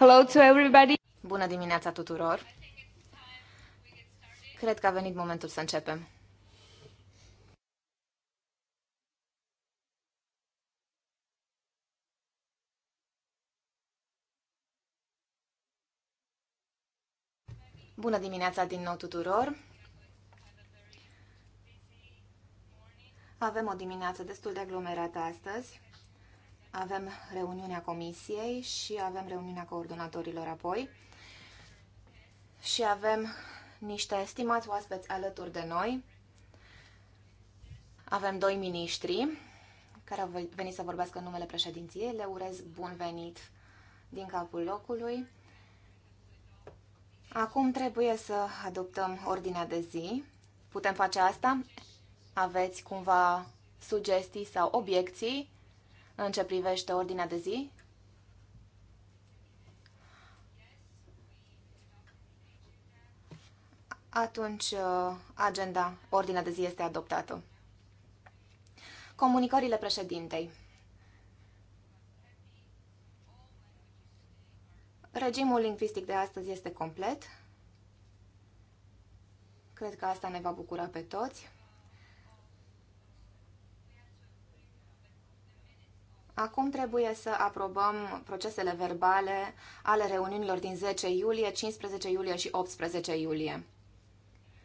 Hello to everybody. Bună dimineața tuturor. Cred că a venit momentul să începem. Bună dimineața din nou tuturor! Avem o dimineață destul de aglomerată astăzi avem reuniunea comisiei și avem reuniunea coordonatorilor apoi și avem niște estimați oaspeți alături de noi. Avem doi miniștri care au venit să vorbească în numele președinției. Le urez bun venit din capul locului. Acum trebuie să adoptăm ordinea de zi. Putem face asta? Aveți cumva sugestii sau obiecții? în ce privește ordinea de zi? Atunci, uh, agenda, ordinea de zi este adoptată. Comunicările președintei. Regimul lingvistic de astăzi este complet. Cred că asta ne va bucura pe toți. Acum trebuie să aprobăm procesele verbale ale reuniunilor din 10 iulie, 15 iulie și 18 iulie.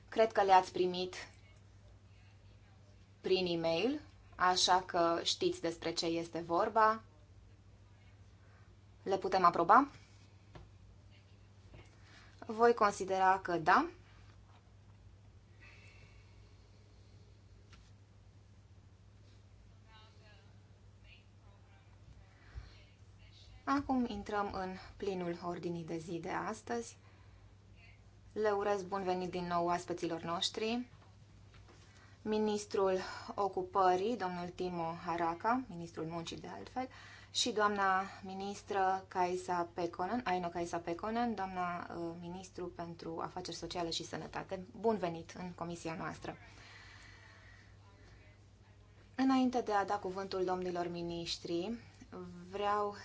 Cred că le-ați primit prin e-mail, așa că știți despre ce este vorba. Le putem aproba? Voi considera că da. Acum intrăm în plinul ordinii de zi de astăzi. Le urez bun venit din nou aspeților noștri. Ministrul Ocupării, domnul Timo Haraka, ministrul muncii de altfel, și doamna ministră Kaisa Pekonen, Aino Kaisa Pekonen, doamna uh, ministru pentru afaceri sociale și sănătate. Bun venit în comisia noastră! Înainte de a da cuvântul domnilor miniștri, vreau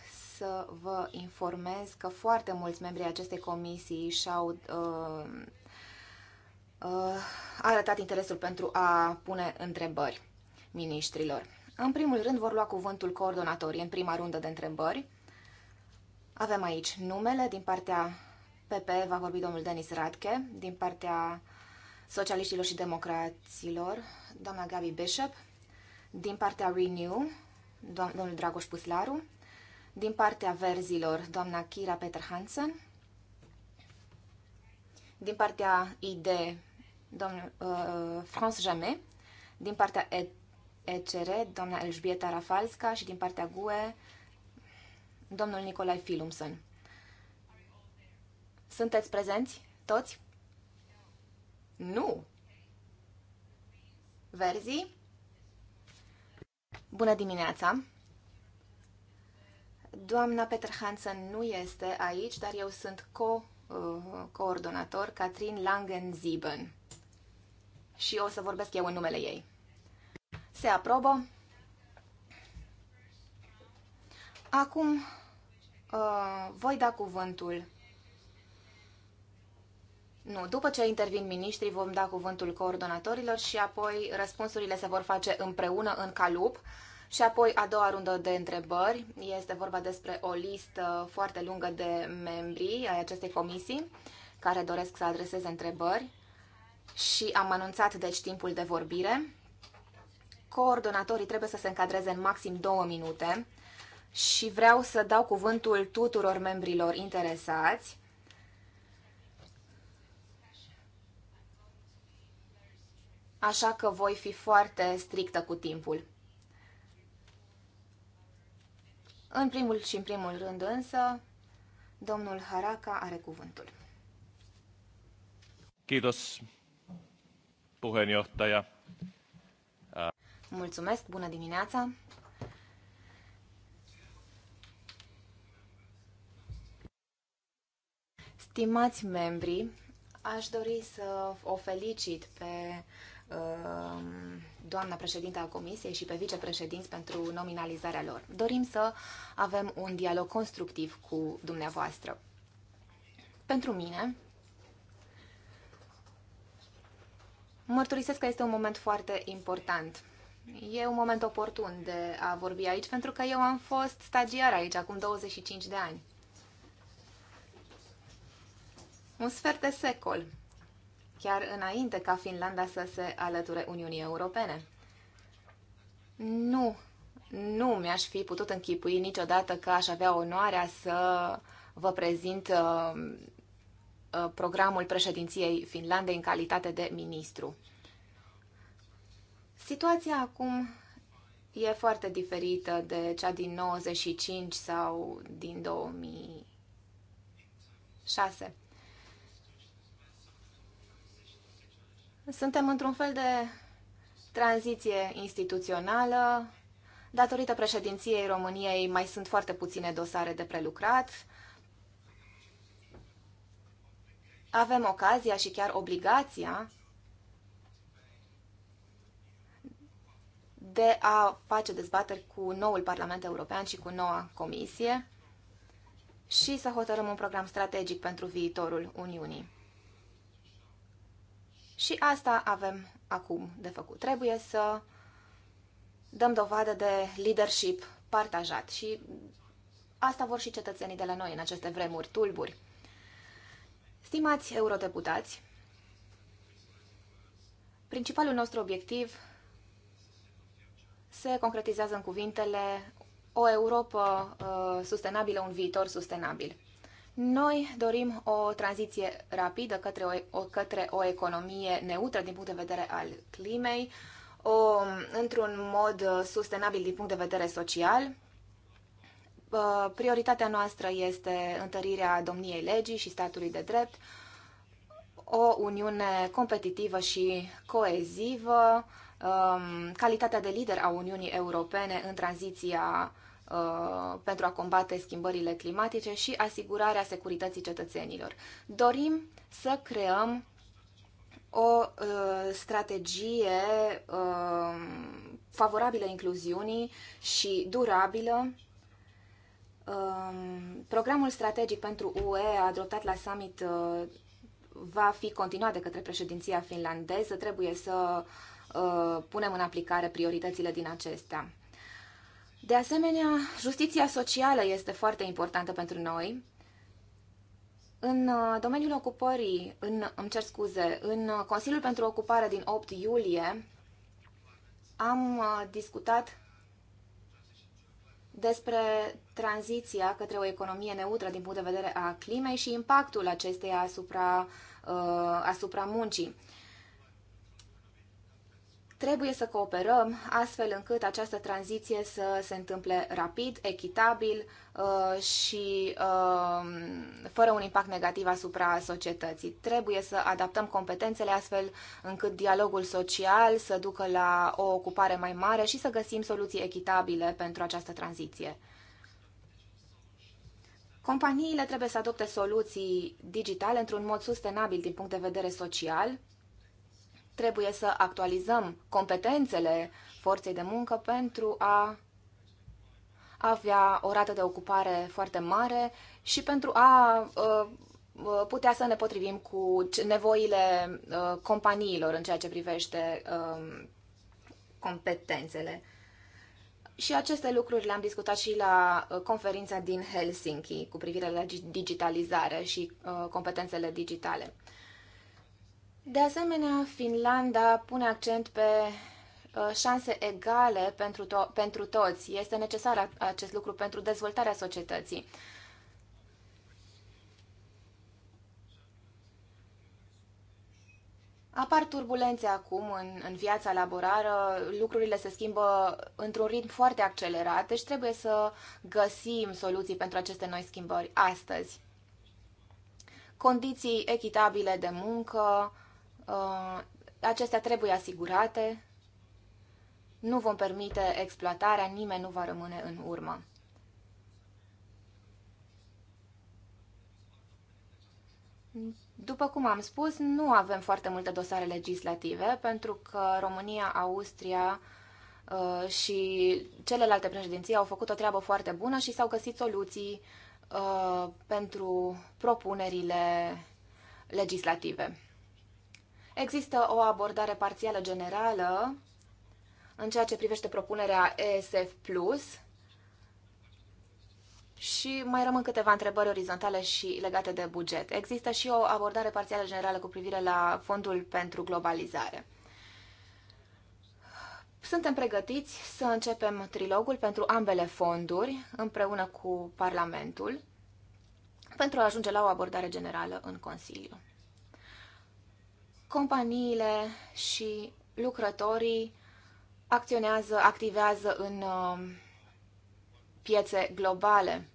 să vă informez că foarte mulți membri acestei comisii și-au uh, uh, arătat interesul pentru a pune întrebări ministrilor. În primul rând vor lua cuvântul coordonatorii în prima rundă de întrebări. Avem aici numele din partea PP va vorbi domnul Denis Radke, din partea socialiștilor și democraților, doamna Gabi Bishop, din partea Renew, domnul Dragoș Puslaru, din partea verzilor, doamna Kira Peter Hansen. Din partea ID, domnul uh, France Jamet. Din partea ECR, doamna Elșbieta Rafalska și din partea GUE, domnul Nicolai Filumson. Sunteți prezenți toți? Nu! Verzi? Bună dimineața! Doamna Peter Hansen nu este aici, dar eu sunt co-coordonator uh, Catrin Langen-Zieben și o să vorbesc eu în numele ei. Se aprobă. Acum uh, voi da cuvântul. Nu, după ce intervin miniștrii, vom da cuvântul coordonatorilor și apoi răspunsurile se vor face împreună în calup. Și apoi a doua rundă de întrebări. Este vorba despre o listă foarte lungă de membri ai acestei comisii care doresc să adreseze întrebări și am anunțat deci timpul de vorbire. Coordonatorii trebuie să se încadreze în maxim două minute și vreau să dau cuvântul tuturor membrilor interesați. Așa că voi fi foarte strictă cu timpul. În primul și în primul rând însă, domnul Haraka are cuvântul. Kiitos, puheenjohtaja. Mulțumesc, bună dimineața! Stimați membri, aș dori să o felicit pe Um, doamna președinte a Comisiei și pe vicepreședinți pentru nominalizarea lor. Dorim să avem un dialog constructiv cu dumneavoastră. Pentru mine, mărturisesc că este un moment foarte important. E un moment oportun de a vorbi aici, pentru că eu am fost stagiar aici acum 25 de ani. Un sfert de secol chiar înainte ca Finlanda să se alăture Uniunii Europene. Nu, nu mi-aș fi putut închipui niciodată că aș avea onoarea să vă prezint uh, uh, programul președinției Finlandei în calitate de ministru. Situația acum e foarte diferită de cea din 95 sau din 2006. Suntem într-un fel de tranziție instituțională. Datorită președinției României mai sunt foarte puține dosare de prelucrat. Avem ocazia și chiar obligația de a face dezbateri cu noul Parlament European și cu noua Comisie și să hotărâm un program strategic pentru viitorul Uniunii. Și asta avem acum de făcut. Trebuie să dăm dovadă de leadership partajat și asta vor și cetățenii de la noi în aceste vremuri tulburi. Stimați eurodeputați, principalul nostru obiectiv se concretizează în cuvintele o Europa uh, sustenabilă, un viitor sustenabil. Noi dorim o tranziție rapidă către o, către o economie neutră din punct de vedere al climei, o, într-un mod sustenabil din punct de vedere social. Prioritatea noastră este întărirea domniei legii și statului de drept, o uniune competitivă și coezivă, um, calitatea de lider a Uniunii Europene în tranziția Uh, pentru a combate schimbările climatice și asigurarea securității cetățenilor. Dorim să creăm o uh, strategie uh, favorabilă incluziunii și durabilă. Uh, programul strategic pentru UE adoptat la summit uh, va fi continuat de către președinția finlandeză. Trebuie să uh, punem în aplicare prioritățile din acestea. De asemenea, justiția socială este foarte importantă pentru noi. În uh, domeniul ocupării, în, îmi cer scuze, în Consiliul pentru Ocupare din 8 iulie am uh, discutat despre tranziția către o economie neutră din punct de vedere a climei și impactul acesteia asupra, uh, asupra muncii. Trebuie să cooperăm astfel încât această tranziție să se întâmple rapid, echitabil uh, și um, fără un impact negativ asupra societății. Trebuie să adaptăm competențele astfel încât dialogul social să ducă la o ocupare mai mare și să găsim soluții echitabile pentru această tranziție. Companiile trebuie să adopte soluții digitale într-un mod sustenabil din punct de vedere social, Trebuie să actualizăm competențele forței de muncă pentru a avea o rată de ocupare foarte mare și pentru a uh, uh, putea să ne potrivim cu nevoile uh, companiilor în ceea ce privește um, competențele. Și aceste lucruri le-am discutat și la conferința din Helsinki cu privire la digitalizare și competențele digitale. De asemenea, Finlanda pune accent pe uh, șanse egale pentru, to- pentru toți. Este necesar acest lucru pentru dezvoltarea societății. Apar turbulențe acum în, în viața laborară, lucrurile se schimbă într-un ritm foarte accelerat, deci trebuie să găsim soluții pentru aceste noi schimbări astăzi. Condiții echitabile de muncă, Uh, acestea trebuie asigurate, nu vom permite exploatarea, nimeni nu va rămâne în urmă. După cum am spus, nu avem foarte multe dosare legislative, pentru că România, Austria uh, și celelalte președinții au făcut o treabă foarte bună și s-au găsit soluții uh, pentru propunerile legislative. Există o abordare parțială generală în ceea ce privește propunerea ESF+, și mai rămân câteva întrebări orizontale și legate de buget. Există și o abordare parțială generală cu privire la Fondul pentru Globalizare. Suntem pregătiți să începem trilogul pentru ambele fonduri împreună cu Parlamentul pentru a ajunge la o abordare generală în Consiliu companiile și lucrătorii acționează, activează în um, piețe globale.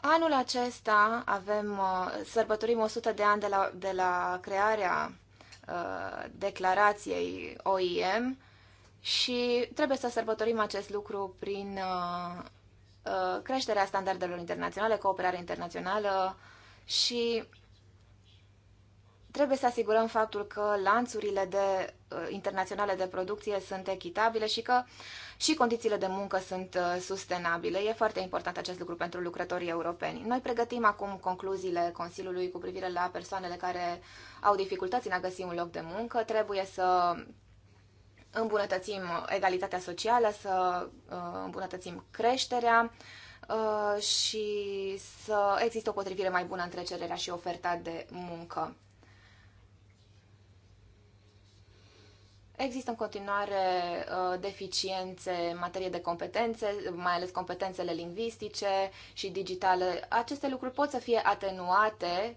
Anul acesta avem, uh, sărbătorim 100 de ani de la, de la crearea uh, declarației OIM și trebuie să sărbătorim acest lucru prin uh, creșterea standardelor internaționale, cooperare internațională și Trebuie să asigurăm faptul că lanțurile de, uh, internaționale de producție sunt echitabile și că și condițiile de muncă sunt uh, sustenabile. E foarte important acest lucru pentru lucrătorii europeni. Noi pregătim acum concluziile Consiliului cu privire la persoanele care au dificultăți în a găsi un loc de muncă. Trebuie să îmbunătățim egalitatea socială, să uh, îmbunătățim creșterea și să există o potrivire mai bună între cererea și oferta de muncă. Există în continuare uh, deficiențe în materie de competențe, mai ales competențele lingvistice și digitale. Aceste lucruri pot să fie atenuate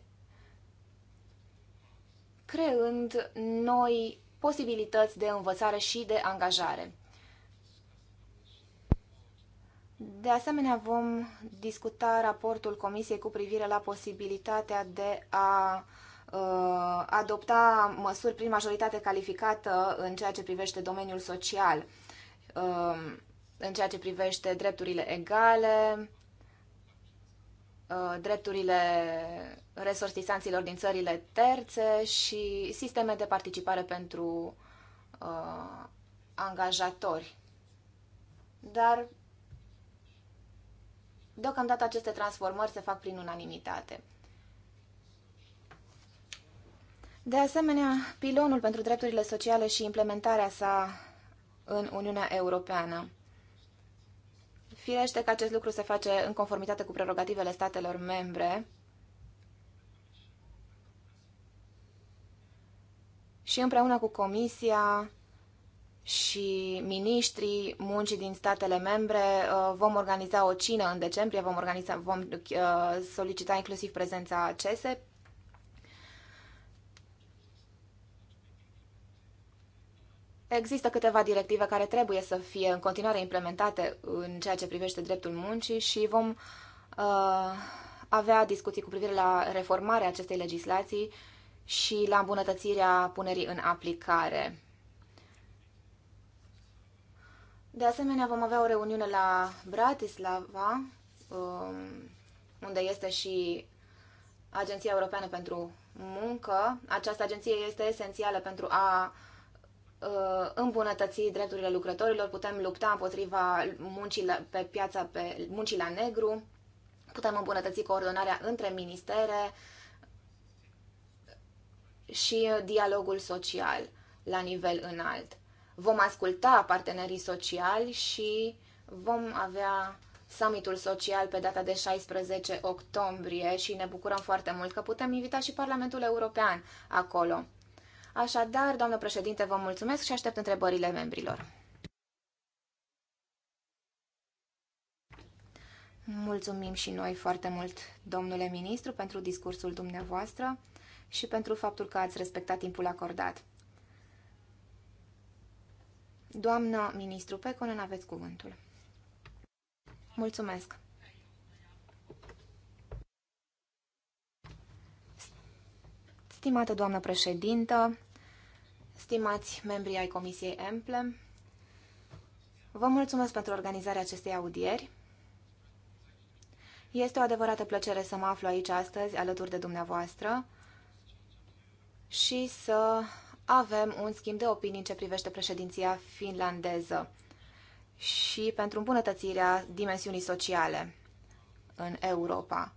creând noi posibilități de învățare și de angajare. De asemenea, vom discuta raportul Comisiei cu privire la posibilitatea de a uh, Uh, adopta măsuri prin majoritate calificată în ceea ce privește domeniul social, um, în ceea ce privește drepturile egale, uh, drepturile resortisanților din țările terțe și sisteme de participare pentru uh, angajatori. Dar deocamdată aceste transformări se fac prin unanimitate. De asemenea, pilonul pentru drepturile sociale și implementarea sa în Uniunea Europeană. Firește că acest lucru se face în conformitate cu prerogativele statelor membre și împreună cu Comisia și miniștrii muncii din statele membre uh, vom organiza o cină în decembrie, vom, organiza, vom uh, solicita inclusiv prezența CESEP Există câteva directive care trebuie să fie în continuare implementate în ceea ce privește dreptul muncii și vom uh, avea discuții cu privire la reformarea acestei legislații și la îmbunătățirea punerii în aplicare. De asemenea, vom avea o reuniune la Bratislava, um, unde este și Agenția Europeană pentru Muncă. Această agenție este esențială pentru a Uh, îmbunătăți drepturile lucrătorilor, putem lupta împotriva muncii la, pe piața pe muncii la negru, putem îmbunătăți coordonarea între ministere și dialogul social la nivel înalt. Vom asculta partenerii sociali și vom avea summitul social pe data de 16 octombrie și ne bucurăm foarte mult că putem invita și Parlamentul European acolo. Așadar, doamnă președinte, vă mulțumesc și aștept întrebările membrilor. Mulțumim și noi foarte mult, domnule ministru, pentru discursul dumneavoastră și pentru faptul că ați respectat timpul acordat. Doamnă ministru nu aveți cuvântul. Mulțumesc! Stimată doamnă președintă, stimați membrii ai Comisiei Emple, vă mulțumesc pentru organizarea acestei audieri. Este o adevărată plăcere să mă aflu aici astăzi alături de dumneavoastră și să avem un schimb de opinii ce privește președinția finlandeză și pentru îmbunătățirea dimensiunii sociale în Europa.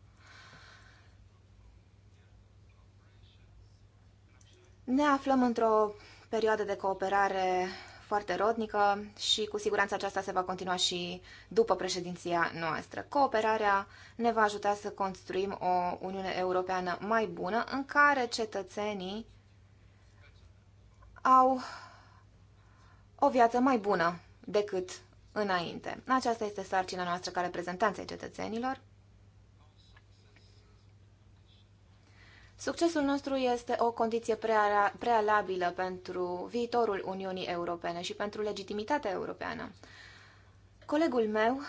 Ne aflăm într-o perioadă de cooperare foarte rodnică și cu siguranță aceasta se va continua și după președinția noastră. Cooperarea ne va ajuta să construim o Uniune Europeană mai bună în care cetățenii au o viață mai bună decât înainte. Aceasta este sarcina noastră ca reprezentanței cetățenilor Succesul nostru este o condiție prealabilă pentru viitorul Uniunii Europene și pentru legitimitatea europeană. Colegul meu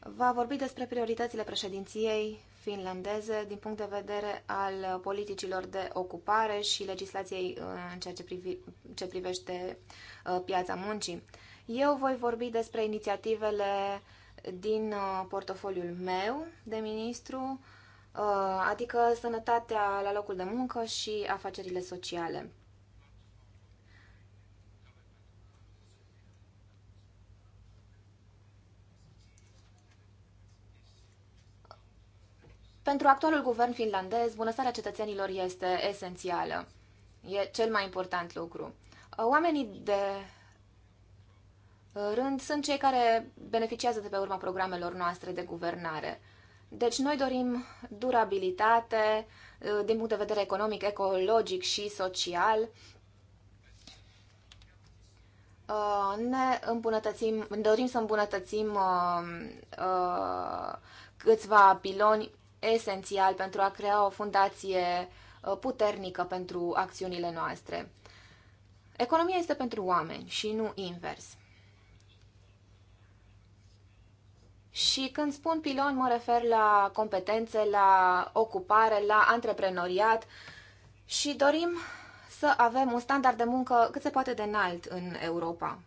va vorbi despre prioritățile președinției finlandeze din punct de vedere al politicilor de ocupare și legislației uh, în ceea ce, privi, ce privește uh, piața muncii. Eu voi vorbi despre inițiativele din uh, portofoliul meu de ministru, Uh, adică sănătatea la locul de muncă și afacerile sociale. Pentru actualul guvern finlandez, bunăstarea cetățenilor este esențială. E cel mai important lucru. Uh, oamenii de rând sunt cei care beneficiază de pe urma programelor noastre de guvernare. Deci noi dorim durabilitate uh, din punct de vedere economic, ecologic și social. Uh, ne îmbunătățim, dorim să îmbunătățim uh, câțiva piloni esențial pentru a crea o fundație puternică pentru acțiunile noastre. Economia este pentru oameni și nu invers. Și când spun pilon, mă refer la competențe, la ocupare, la antreprenoriat și dorim să avem un standard de muncă cât se poate de înalt în Europa.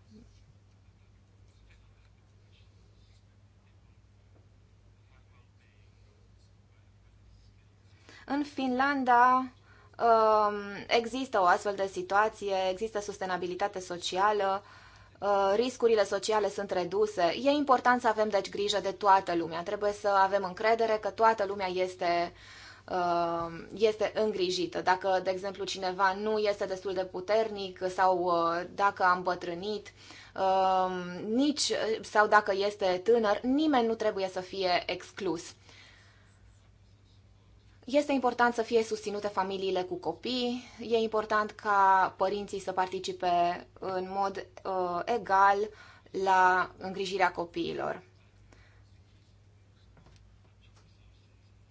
În Finlanda um, există o astfel de situație, există sustenabilitate socială, Uh, riscurile sociale sunt reduse. E important să avem deci grijă de toată lumea. Trebuie să avem încredere că toată lumea este uh, este îngrijită. Dacă, de exemplu, cineva nu este destul de puternic sau uh, dacă a îmbătrânit, nici, sau dacă este tânăr, nimeni nu trebuie să fie exclus. Este important să fie susținute familiile cu copii, e important ca părinții să participe în mod uh, egal la îngrijirea copiilor.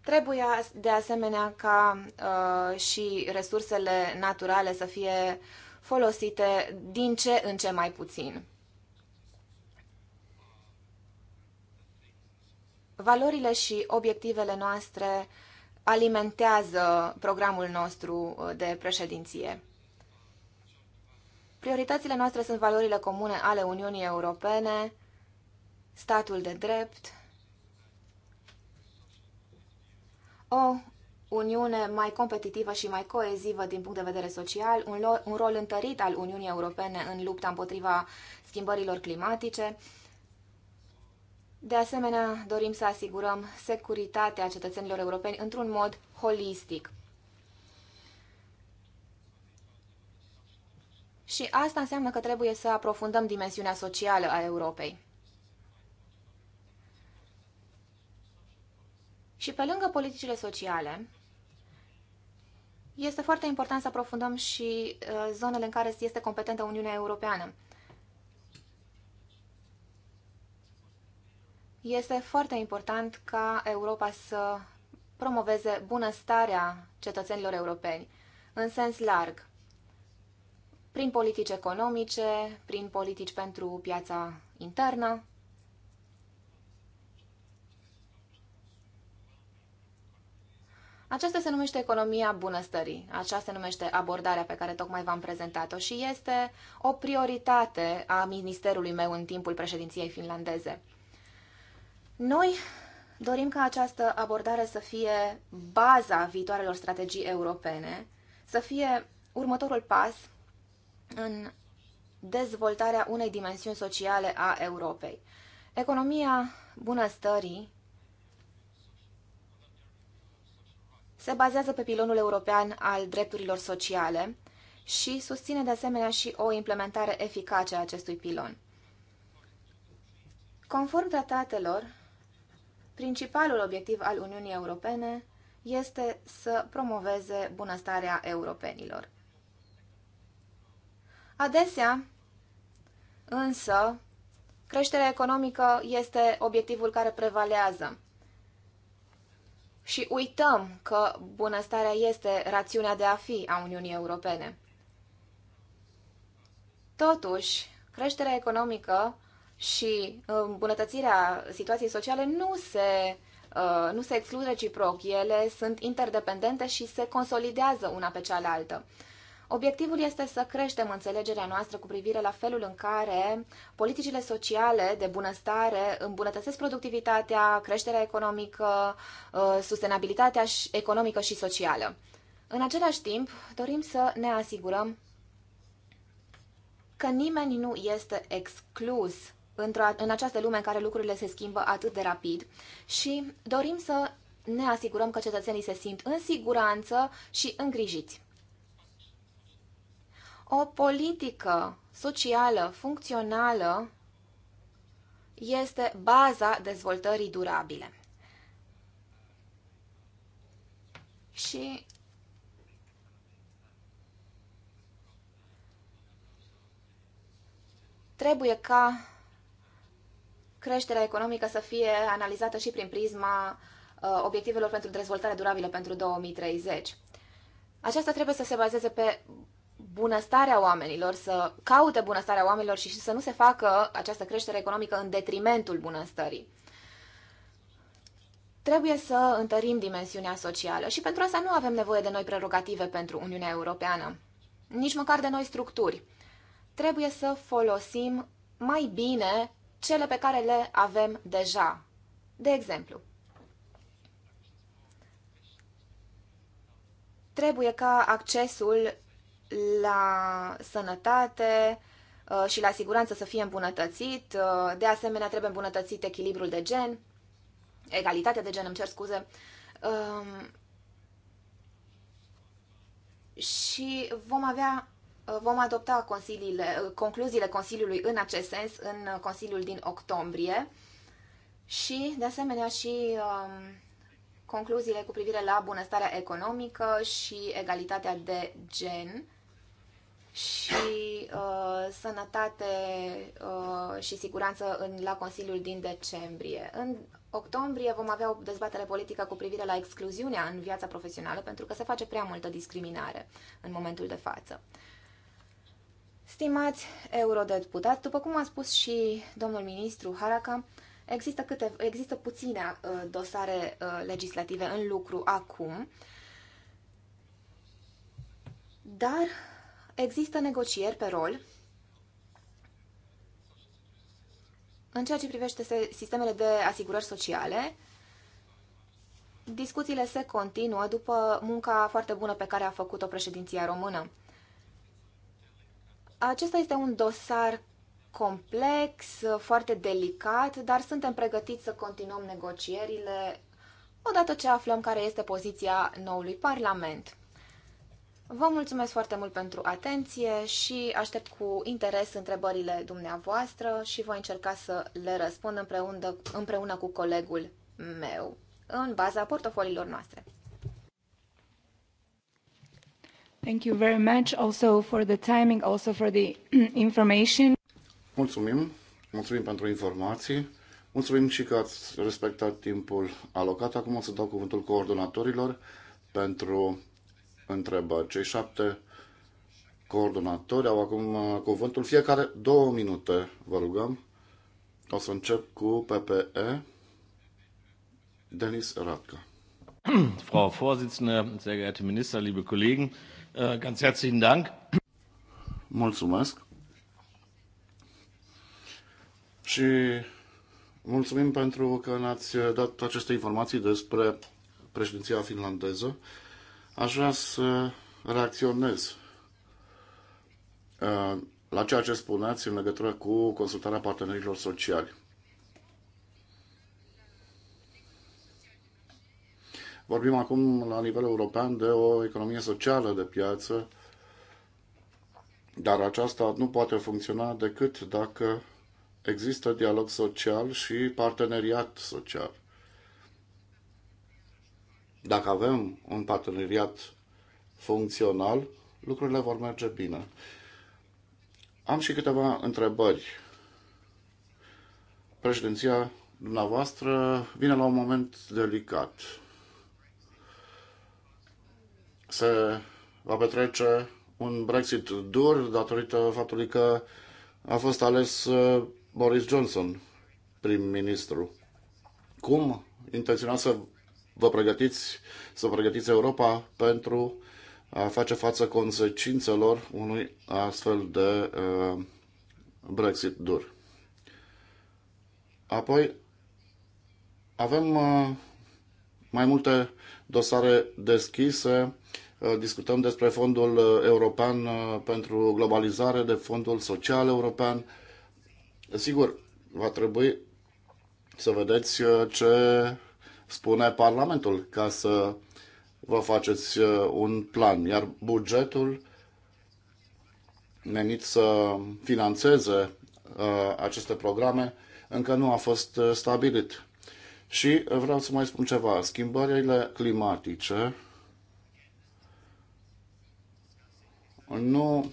Trebuie de asemenea ca uh, și resursele naturale să fie folosite din ce în ce mai puțin. Valorile și obiectivele noastre uh, alimentează programul nostru uh, de președinție. Prioritățile noastre sunt valorile comune ale Uniunii Europene, statul de drept, o Uniune mai competitivă și mai coezivă din punct de vedere social, un, un rol întărit al Uniunii Europene în lupta împotriva schimbărilor climatice, de asemenea, dorim să asigurăm securitatea cetățenilor europeni într-un mod holistic. Și asta înseamnă că trebuie să aprofundăm dimensiunea socială a Europei. Și pe lângă politicile sociale, este foarte important să aprofundăm și uh, zonele în care este competentă Uniunea Europeană. Este foarte important ca Europa să promoveze bunăstarea cetățenilor europeni, în sens larg, prin politici economice, prin politici pentru piața internă. Aceasta se numește economia bunăstării. Aceasta se numește abordarea pe care tocmai v-am prezentat-o și este o prioritate a ministerului meu în timpul președinției finlandeze. Noi dorim ca această abordare să fie baza viitoarelor strategii europene, să fie următorul pas în dezvoltarea unei dimensiuni sociale a Europei. Economia bunăstării se bazează pe pilonul european al drepturilor sociale și susține de asemenea și o implementare eficace a acestui pilon. Conform tratatelor, Principalul obiectiv al Uniunii Europene este să promoveze bunăstarea europenilor. Adesea, însă, creșterea economică este obiectivul care prevalează. Și uităm că bunăstarea este rațiunea de a fi a Uniunii Europene. Totuși, creșterea economică și îmbunătățirea situației sociale nu se, uh, nu se exclud reciproc, ele sunt interdependente și se consolidează una pe cealaltă. Obiectivul este să creștem înțelegerea noastră cu privire la felul în care politicile sociale de bunăstare îmbunătățesc productivitatea, creșterea economică, uh, sustenabilitatea economică și socială. În același timp, dorim să ne asigurăm că nimeni nu este exclus în această lume în care lucrurile se schimbă atât de rapid și dorim să ne asigurăm că cetățenii se simt în siguranță și îngrijiți. O politică socială, funcțională, este baza dezvoltării durabile. Și trebuie ca creșterea economică să fie analizată și prin prisma uh, obiectivelor pentru dezvoltare durabilă pentru 2030. Aceasta trebuie să se bazeze pe bunăstarea oamenilor, să caute bunăstarea oamenilor și să nu se facă această creștere economică în detrimentul bunăstării. Trebuie să întărim dimensiunea socială și pentru asta nu avem nevoie de noi prerogative pentru Uniunea Europeană, nici măcar de noi structuri. Trebuie să folosim mai bine cele pe care le avem deja. De exemplu, trebuie ca accesul la sănătate uh, și la siguranță să fie îmbunătățit. Uh, de asemenea, trebuie îmbunătățit echilibrul de gen, egalitatea de gen, îmi cer scuze. Um, și vom avea Vom adopta consiliile, concluziile Consiliului în acest sens în Consiliul din octombrie și, de asemenea, și um, concluziile cu privire la bunăstarea economică și egalitatea de gen și uh, sănătate uh, și siguranță în, la Consiliul din decembrie. În octombrie vom avea o dezbatere politică cu privire la excluziunea în viața profesională, pentru că se face prea multă discriminare în momentul de față. Stimați eurodeputați, după cum a spus și domnul ministru Haraca, există, câte, există puține uh, dosare uh, legislative în lucru acum, dar există negocieri pe rol în ceea ce privește sistemele de asigurări sociale. Discuțiile se continuă după munca foarte bună pe care a făcut-o președinția română. Acesta este un dosar complex, foarte delicat, dar suntem pregătiți să continuăm negocierile odată ce aflăm care este poziția noului Parlament. Vă mulțumesc foarte mult pentru atenție și aștept cu interes întrebările dumneavoastră și voi încerca să le răspund împreună, împreună cu colegul meu, în baza portofoliilor noastre. Thank you very much also for the timing, also for the information. Mulțumim, mulțumim pentru informații. Mulțumim și că ați respectat timpul alocat. Acum o să dau cuvântul coordonatorilor pentru întrebări. Cei șapte coordonatori au acum uh, cuvântul. Fiecare două minute, vă rugăm. O să încep cu PPE. Denis Radka. Frau Vorsitzende, sehr geehrte Minister, liebe Kollegen. Äh, ganz herzlichen Dank. Mulțumesc. Și mulțumim pentru că ne-ați dat aceste informații despre președinția finlandeză. Aș vrea să reacționez uh, la ceea ce spuneați în legătură cu consultarea partenerilor sociali. Vorbim acum la nivel european de o economie socială de piață, dar aceasta nu poate funcționa decât dacă există dialog social și parteneriat social. Dacă avem un parteneriat funcțional, lucrurile vor merge bine. Am și câteva întrebări. Președinția dumneavoastră vine la un moment delicat se va petrece un Brexit dur datorită faptului că a fost ales uh, Boris Johnson prim-ministru. Cum intenționați să vă pregătiți, să pregătiți Europa pentru a face față consecințelor unui astfel de uh, Brexit dur. Apoi avem uh, mai multe dosare deschise. Uh, discutăm despre Fondul uh, European uh, pentru Globalizare, de Fondul Social European. Sigur, va trebui să vedeți ce spune Parlamentul ca să vă faceți un plan. Iar bugetul menit să financeze aceste programe încă nu a fost stabilit. Și vreau să mai spun ceva. Schimbările climatice nu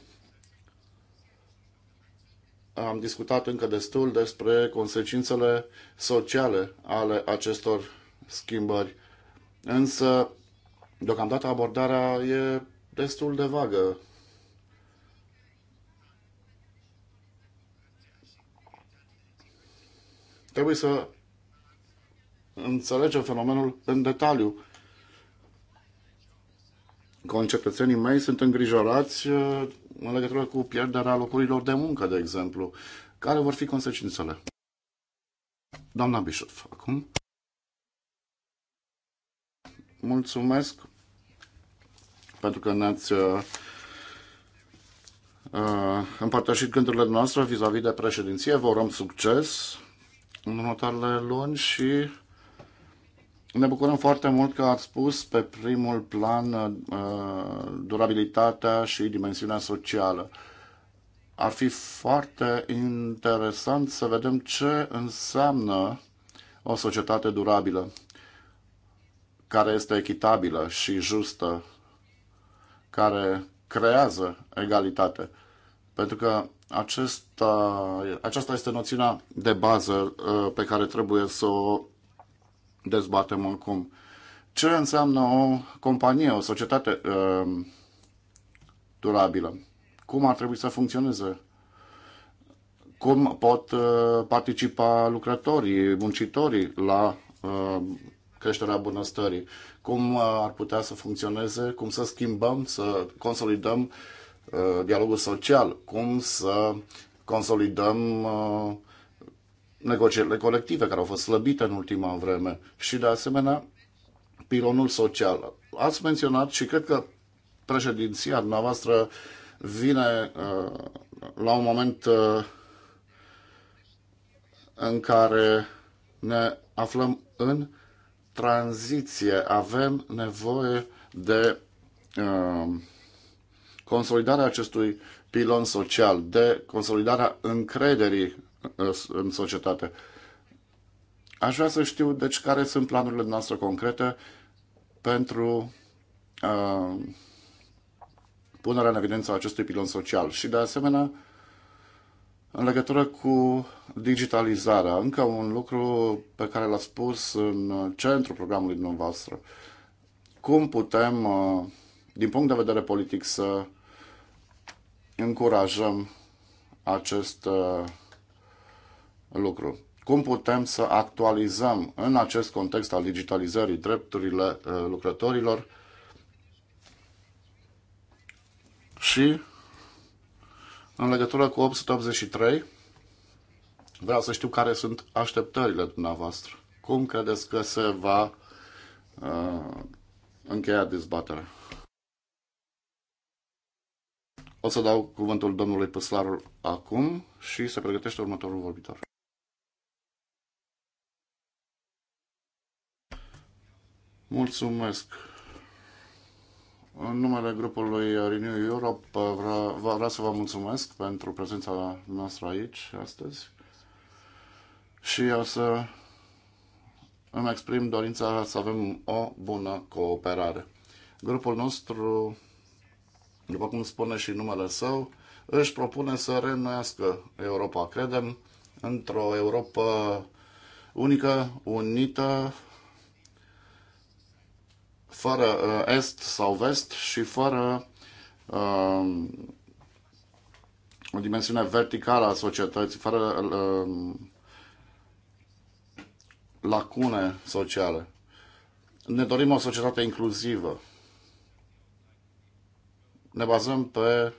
am discutat încă destul despre consecințele sociale ale acestor schimbări. Însă, deocamdată abordarea e destul de vagă. Trebuie să înțelege fenomenul în detaliu. Concetățenii mei sunt îngrijorați uh, în legătură cu pierderea locurilor de muncă, de exemplu. Care vor fi consecințele? Doamna Bishop, acum. Mulțumesc pentru că ne-ați uh, uh împărtășit gândurile noastre vis-a-vis -vis de președinție. Vă urăm succes în următoarele luni și ne bucurăm foarte mult că ați spus pe primul plan uh, durabilitatea și dimensiunea socială. Ar fi foarte interesant să vedem ce înseamnă o societate durabilă, care este echitabilă și justă, care creează egalitate. Pentru că acesta, aceasta este noțiunea de bază uh, pe care trebuie să o dezbatem acum. Ce înseamnă o companie, o societate uh, durabilă? Cum ar trebui să funcționeze? Cum pot uh, participa lucrătorii, muncitorii la uh, creșterea bunăstării? Cum uh, ar putea să funcționeze? Cum să schimbăm, să consolidăm uh, dialogul social? Cum să consolidăm uh, negocierile colective care au fost slăbite în ultima vreme și de asemenea pilonul social. Ați menționat și cred că președinția dumneavoastră vine uh, la un moment uh, în care ne aflăm în tranziție. Avem nevoie de uh, consolidarea acestui pilon social, de consolidarea încrederii în societate. Aș vrea să știu, deci, care sunt planurile noastre concrete pentru uh, punerea în evidență a acestui pilon social și, de asemenea, în legătură cu digitalizarea, încă un lucru pe care l-a spus în centrul programului dumneavoastră. Cum putem, uh, din punct de vedere politic, să încurajăm acest uh, lucru. Cum putem să actualizăm în acest context al digitalizării drepturile uh, lucrătorilor și în legătură cu 883 vreau să știu care sunt așteptările dumneavoastră. Cum credeți că se va uh, încheia dezbaterea? O să dau cuvântul domnului Păslarul acum și se pregătește următorul vorbitor. Mulțumesc. În numele grupului Renew Europe uh, vreau, vrea să vă mulțumesc pentru prezența noastră aici astăzi și o să îmi exprim dorința să avem o bună cooperare. Grupul nostru, după cum spune și numele său, își propune să reînnoiască Europa. Credem într-o Europa unică, unită, fără uh, est sau vest și fără uh, o dimensiune verticală a societății, fără uh, lacune sociale. Ne dorim o societate inclusivă. Ne bazăm pe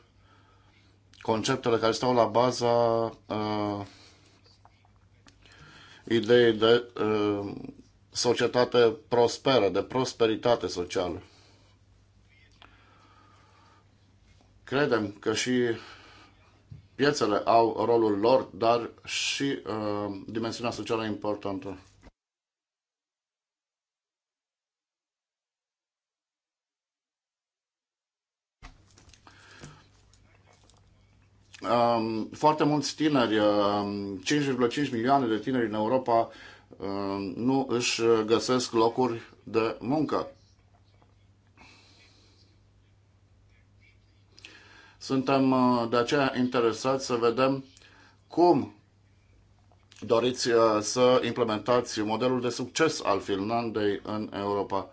conceptele care stau la baza uh, ideii de uh, societate prosperă, de prosperitate socială. Credem că și piețele au rolul lor, dar și uh, dimensiunea socială e importantă. Um, foarte mulți tineri, um, 5,5 milioane de tineri în Europa Uh, nu își găsesc locuri de muncă. Suntem uh, de aceea interesați să vedem cum doriți uh, să implementați modelul de succes al Finlandei în Europa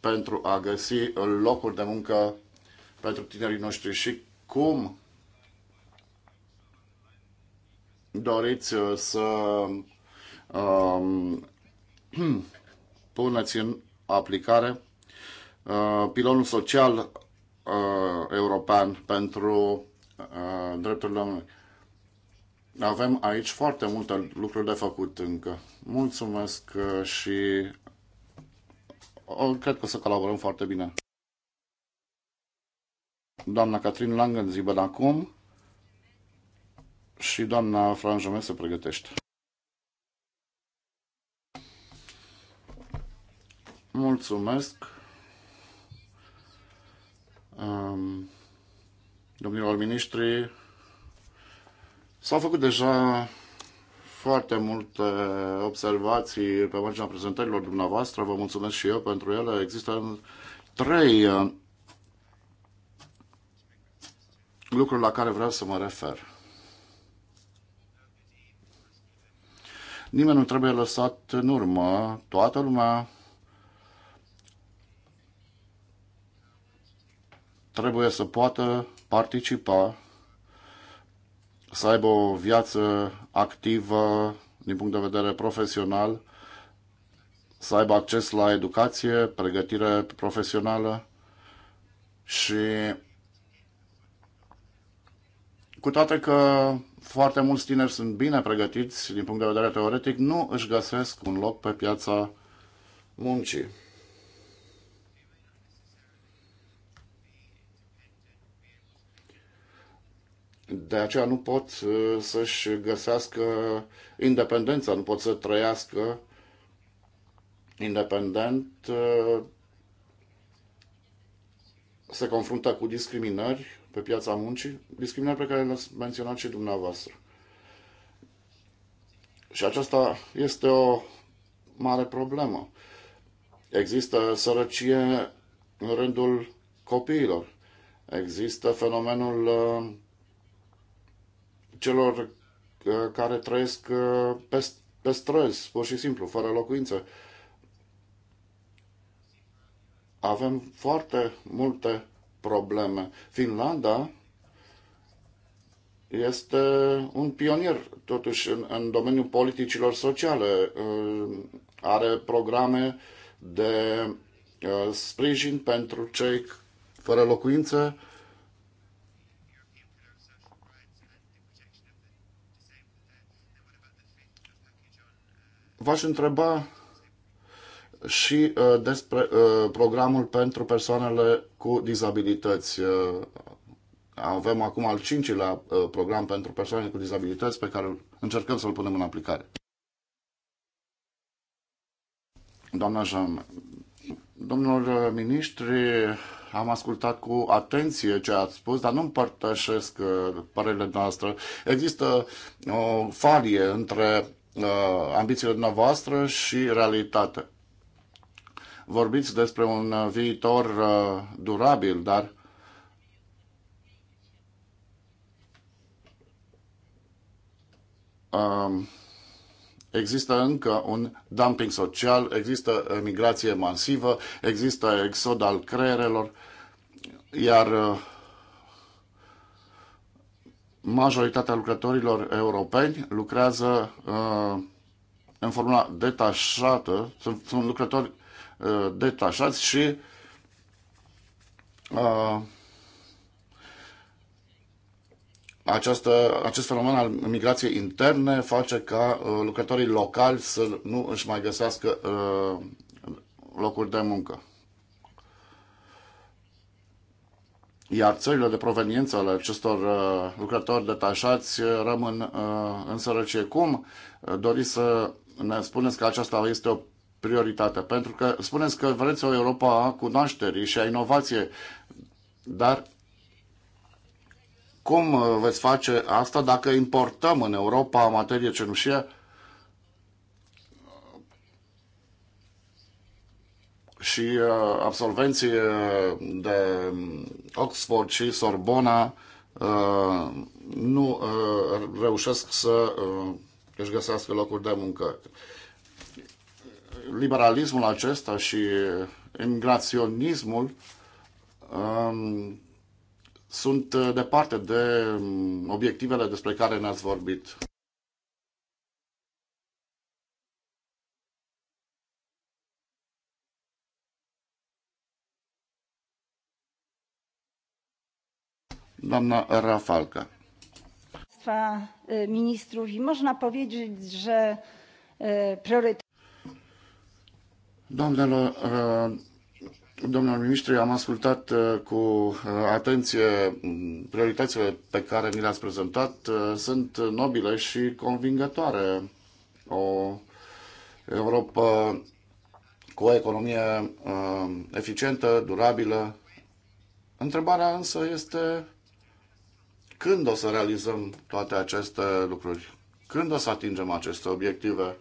pentru a găsi locuri de muncă pentru tinerii noștri și cum doriți să Um, puneți în aplicare uh, pilonul social uh, european pentru uh, drepturile omului. Avem aici foarte multe lucruri de făcut încă. Mulțumesc și cred că o să colaborăm foarte bine. Doamna Catrin în zibă acum și doamna Franjome se pregătește. Mulțumesc. domnilor ministri, s-au făcut deja foarte multe observații pe marginea prezentărilor dumneavoastră. Vă mulțumesc și eu pentru ele. Există trei uh, lucruri la care vreau să mă refer. Nimeni nu trebuie lăsat în urmă. Toată lumea trebuie să poată participa, să aibă o viață activă din punct de vedere profesional, să aibă acces la educație, pregătire profesională și cu toate că foarte mulți tineri sunt bine pregătiți din punct de vedere teoretic, nu își găsesc un loc pe piața muncii. de aceea nu pot uh, să-și găsească independența, nu pot să trăiască independent, uh, se confruntă cu discriminări pe piața muncii, discriminări pe care le-ați menționat și dumneavoastră. Și aceasta este o mare problemă. Există sărăcie în rândul copiilor. Există fenomenul uh, celor uh, care trăiesc uh, pe, pe străzi, pur și simplu, fără locuințe. Avem foarte multe probleme. Finlanda este un pionier, totuși, în, în domeniul politicilor sociale. Uh, are programe de sprijin pentru cei fără locuințe, V-aș întreba și uh, despre uh, programul pentru persoanele cu dizabilități. Uh, avem acum al cincilea uh, program pentru persoanele cu dizabilități pe care încercăm să-l punem în aplicare. Doamna Jean, domnul uh, ministri, am ascultat cu atenție ce ați spus, dar nu împărtășesc uh, părerile noastre. Există o falie între Uh, ambițiile dumneavoastră și realitate. Vorbiți despre un uh, viitor uh, durabil, dar um, există încă un dumping social, există migrație masivă, există exod al creierelor, iar majoritatea lucrătorilor europeni lucrează uh, în formula detașată, sunt, sunt lucrători uh, detașați și uh, această, acest fenomen al migrației interne face ca uh, lucrătorii locali să nu își mai găsească uh, locuri de muncă. iar țările de proveniență ale acestor uh, lucrători detașați uh, rămân uh, în sărăcie. Cum doriți să ne spuneți că aceasta este o prioritate? Pentru că spuneți că vreți o Europa a cunoașterii și a inovației, dar cum veți face asta dacă importăm în Europa materie cenușie și uh, absolvenții uh, de Oxford și Sorbona uh, nu reușesc să își găsească locuri de muncă. Liberalismul acesta și imigraționismul um, sunt departe de um, obiectivele despre care ne-ați vorbit. doamna Rafalka. Ministrów i można powiedzieć, że priorytet. Doamnelor, domnilor ministri, am ascultat cu atenție prioritățile pe care mi le-ați prezentat. Sunt nobile și convingătoare. O Europa cu o economie eficientă, durabilă. Întrebarea însă este când o să realizăm toate aceste lucruri? Când o să atingem aceste obiective?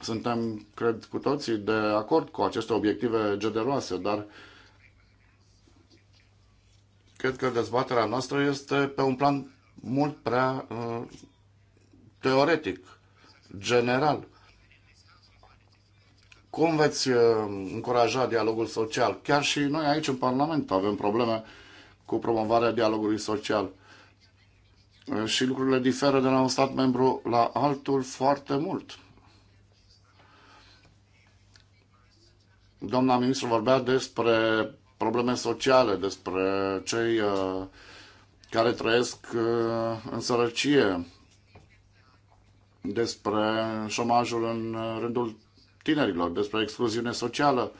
Suntem, cred, cu toții de acord cu aceste obiective generoase, dar cred că dezbaterea noastră este pe un plan mult prea uh, teoretic, general. Cum veți uh, încuraja dialogul social? Chiar și noi aici în Parlament avem probleme cu promovarea dialogului social. Și lucrurile diferă de la un stat membru la altul foarte mult. Doamna ministru vorbea despre probleme sociale, despre cei uh, care trăiesc uh, în sărăcie, despre șomajul în uh, rândul tinerilor, despre excluziune socială,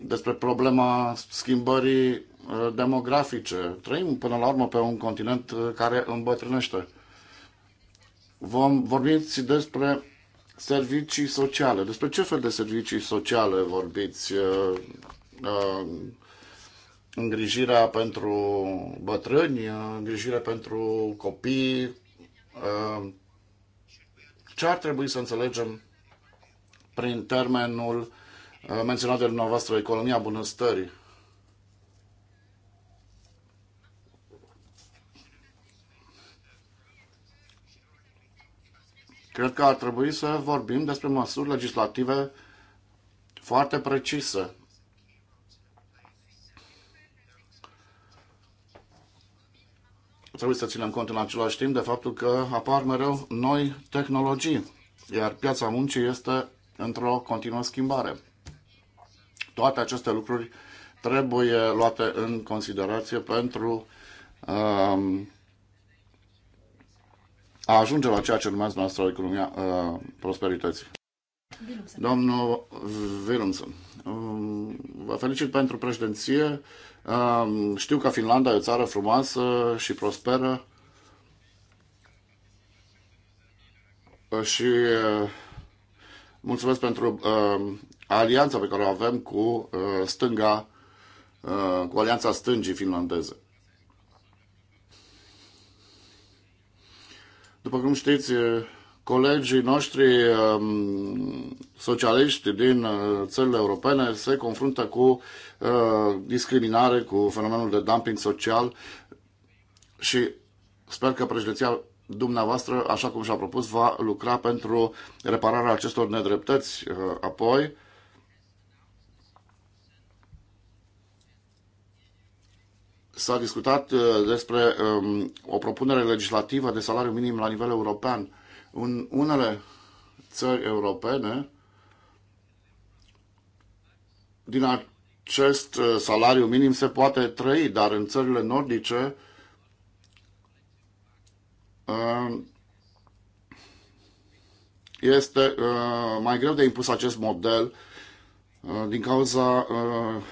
despre problema schimbării Uh, demografice. Trăim până la urmă pe un continent uh, care îmbătrânește. Vom vorbiți despre servicii sociale. Despre ce fel de servicii sociale vorbiți? Uh, îngrijirea pentru bătrâni, îngrijirea pentru copii. Ce ar trebui să înțelegem prin termenul menționat de dumneavoastră, economia bunăstării? Cred că ar trebui să vorbim despre măsuri legislative foarte precise. Trebuie să ținem cont în același timp de faptul că apar mereu noi tehnologii, iar piața muncii este într-o continuă schimbare. Toate aceste lucruri trebuie luate în considerație pentru um, a ajunge la ceea ce numeați noastră economia uh, prosperității. Wilumsen. Domnul Wilumsen, vă felicit pentru președinție. Um, știu că Finlanda e o țară frumoasă și prosperă uh, și uh, mulțumesc pentru uh, alianța pe care o avem cu stânga, cu alianța stângii finlandeze. După cum știți, colegii noștri um, socialiști din uh, țările europene se confruntă cu uh, discriminare, cu fenomenul de dumping social și sper că președinția dumneavoastră, așa cum și-a propus, va lucra pentru repararea acestor nedreptăți uh, apoi S-a discutat uh, despre um, o propunere legislativă de salariu minim la nivel european. În unele țări europene, din acest uh, salariu minim se poate trăi, dar în țările nordice uh, este mai greu de impus acest model din cauza um,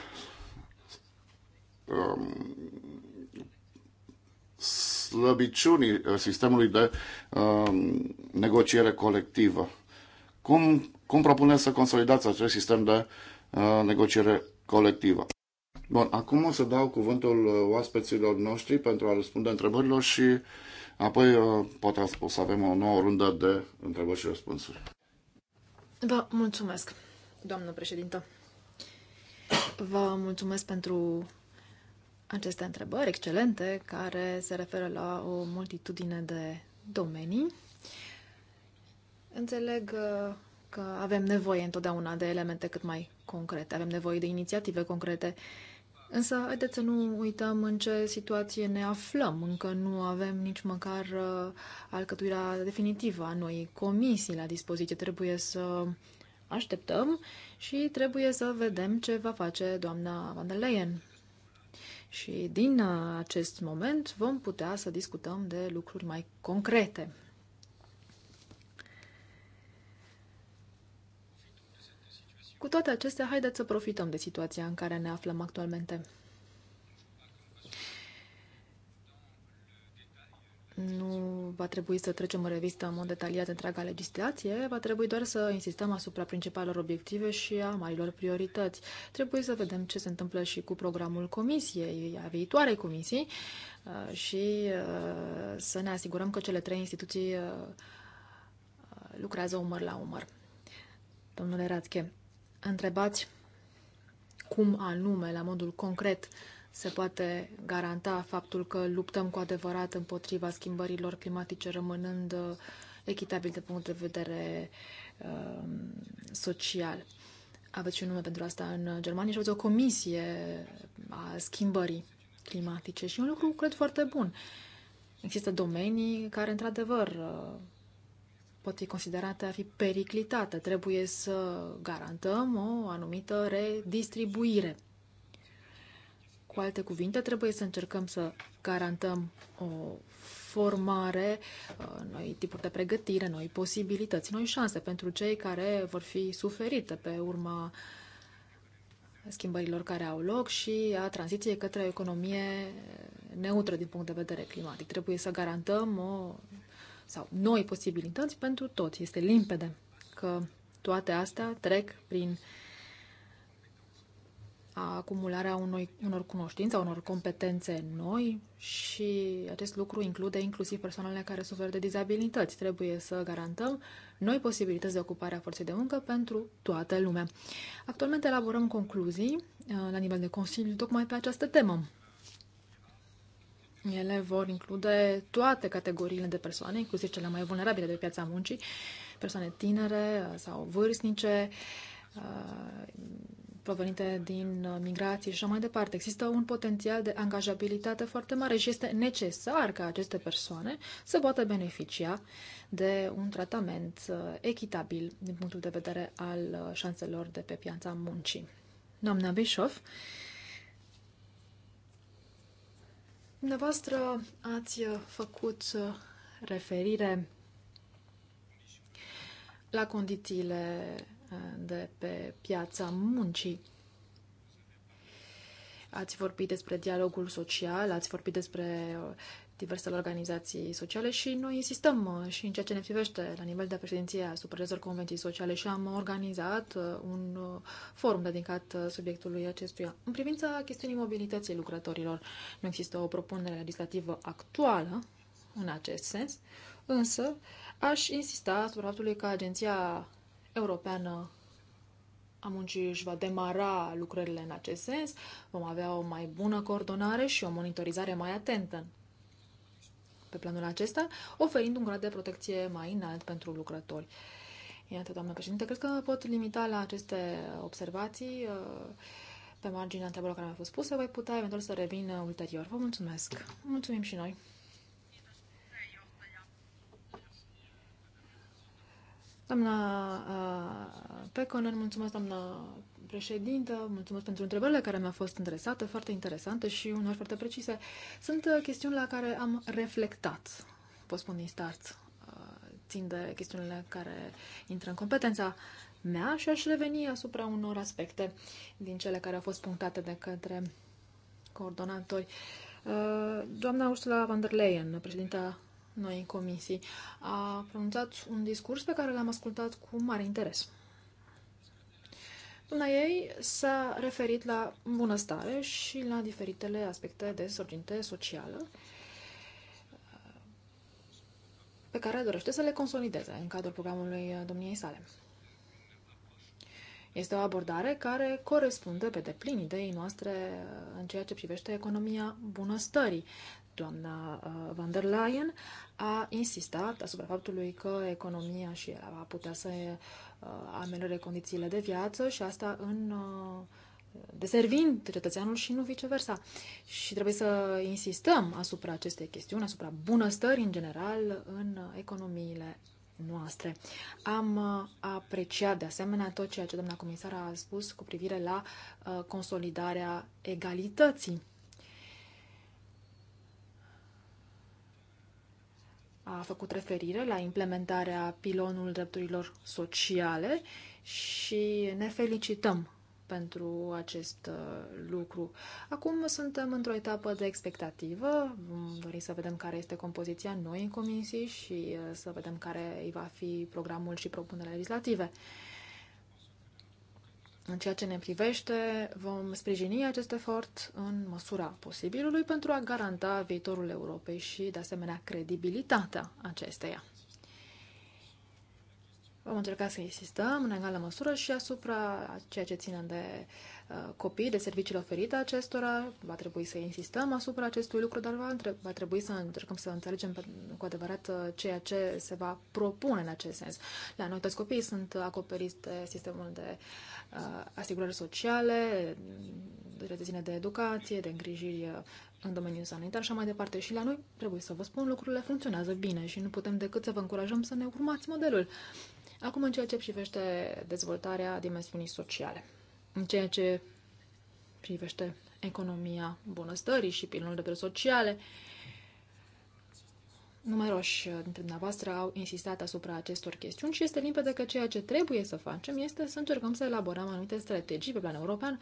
slăbiciunii uh, sistemului de uh, negociere colectivă. Cum, cum propuneți să consolidați acest sistem de uh, negociere colectivă? Bun, acum o să dau cuvântul uh, oaspeților noștri pentru a răspunde întrebărilor și apoi uh, poate o să avem o nouă rundă de întrebări și răspunsuri. Vă mulțumesc, doamnă președintă. Vă mulțumesc pentru aceste întrebări excelente care se referă la o multitudine de domenii. Înțeleg uh, că avem nevoie întotdeauna de elemente cât mai concrete, avem nevoie de inițiative concrete, însă haideți să nu uităm în ce situație ne aflăm. Încă nu avem nici măcar uh, alcătuirea definitivă a noi comisii la dispoziție. Trebuie să așteptăm și trebuie să vedem ce va face doamna van der Leyen și din uh, acest moment vom putea să discutăm de lucruri mai concrete. Cu toate acestea, haideți să profităm de situația în care ne aflăm actualmente. nu va trebui să trecem în revistă în mod detaliat întreaga legislație, va trebui doar să insistăm asupra principalelor obiective și a marilor priorități. Trebuie să vedem ce se întâmplă și cu programul comisiei, a viitoarei comisii uh, și uh, să ne asigurăm că cele trei instituții uh, lucrează umăr la umăr. Domnule Ratche, întrebați cum anume, la modul concret, se poate garanta faptul că luptăm cu adevărat împotriva schimbărilor climatice, rămânând uh, echitabil de punct de vedere um, social. Aveți și un nume pentru asta în uh, Germania și aveți o comisie a schimbării climatice și e un lucru, cred, foarte bun. Există domenii care, într-adevăr, uh, pot fi considerate a fi periclitate. Trebuie să garantăm o anumită redistribuire cu alte cuvinte, trebuie să încercăm să garantăm o formare, uh, noi tipuri de pregătire, noi posibilități, noi șanse pentru cei care vor fi suferite pe urma schimbărilor care au loc și a tranziției către o economie neutră din punct de vedere climatic. Trebuie să garantăm o, sau noi posibilități pentru toți. Este limpede că toate astea trec prin uh, a acumularea unui, unor cunoștințe, unor competențe noi și acest lucru include inclusiv persoanele care suferă de dizabilități. Trebuie să garantăm noi posibilități de ocupare a forței de muncă pentru toată lumea. Actualmente elaborăm concluzii uh, la nivel de Consiliu tocmai pe această temă. Ele vor include toate categoriile de persoane, inclusiv cele mai vulnerabile de piața muncii, persoane tinere uh, sau vârstnice, uh, provenite din uh, migrații și așa mai departe. Există un potențial de angajabilitate foarte mare și este necesar ca aceste persoane să poată beneficia de un tratament uh, echitabil din punctul de vedere al uh, șanselor de pe piața muncii. Doamna Bischoff, dumneavoastră ați făcut referire la condițiile de pe piața muncii. Ați vorbit despre dialogul social, ați vorbit despre uh, diversele organizații sociale și noi insistăm uh, și în ceea ce ne privește la nivel de președinție a rezor convenții sociale și am organizat uh, un forum dedicat subiectului acestuia. În privința chestiunii mobilității lucrătorilor, nu există o propunere legislativă actuală în acest sens, însă aș insista asupra faptului că Agenția Europeană a Muncii își va demara lucrările în acest sens, vom avea o mai bună coordonare și o monitorizare mai atentă pe planul acesta, oferind un grad de protecție mai înalt pentru lucrători. Iată, doamnă președinte, cred că pot limita la aceste observații uh, pe marginea întrebărilor care mi-au fost puse, voi putea eventual să revin ulterior. Vă mulțumesc! Mulțumim și noi! Doamna uh, Peconer, mulțumesc, doamna președintă, mulțumesc pentru întrebările care mi-au fost interesate, foarte interesante și unor foarte precise. Sunt uh, chestiuni la care am reflectat, pot spune din start, uh, țin de chestiunile care intră în competența mea și aș reveni asupra unor aspecte din cele care au fost punctate de către coordonatori. Doamna Ursula von der Leyen, președinta noi în comisii, a pronunțat un discurs pe care l-am ascultat cu mare interes. Dumna ei s-a referit la bunăstare și la diferitele aspecte de sorginte socială pe care dorește să le consolideze în cadrul programului uh, domniei sale. Este o abordare care corespunde pe deplin ideii noastre uh, în ceea ce privește economia bunăstării doamna uh, van der Leyen a insistat asupra faptului că economia și ea va putea să uh, ameliore condițiile de viață și asta în uh, deservind cetățeanul și nu viceversa. Și trebuie să insistăm asupra acestei chestiuni, asupra bunăstării în general în economiile noastre. Am apreciat de asemenea tot ceea ce doamna comisar a spus cu privire la consolidarea egalității a făcut referire la implementarea pilonului drepturilor sociale și ne felicităm pentru acest uh, lucru. Acum suntem într-o etapă de expectativă. Vom dori să vedem care este compoziția noi în comisii și uh, să vedem care va fi programul și propunerile legislative. În ceea ce ne privește, vom sprijini acest efort în măsura posibilului pentru a garanta viitorul Europei și, de asemenea, credibilitatea acesteia. Vom încerca să insistăm în egală măsură și asupra ceea ce ține de uh, copii, de serviciile oferite acestora. Va trebui să insistăm asupra acestui lucru, dar va, va trebui să încercăm să înțelegem cu adevărat uh, ceea ce se va propune în acest sens. La noi toți copiii sunt acoperiți de sistemul de uh, asigurări sociale, de ține de educație, de îngrijiri uh, în domeniul sanitar și mai departe. Și la noi, trebuie să vă spun, lucrurile funcționează bine și nu putem decât să vă încurajăm să ne urmați modelul. Uh, Acum în ceea ce privește dezvoltarea dimensiunii sociale, în ceea ce privește economia bunăstării și pilonul de sociale, numeroși dintre dumneavoastră au insistat asupra acestor chestiuni și este limpede că ceea ce trebuie să facem este să încercăm să elaborăm anumite strategii pe plan european,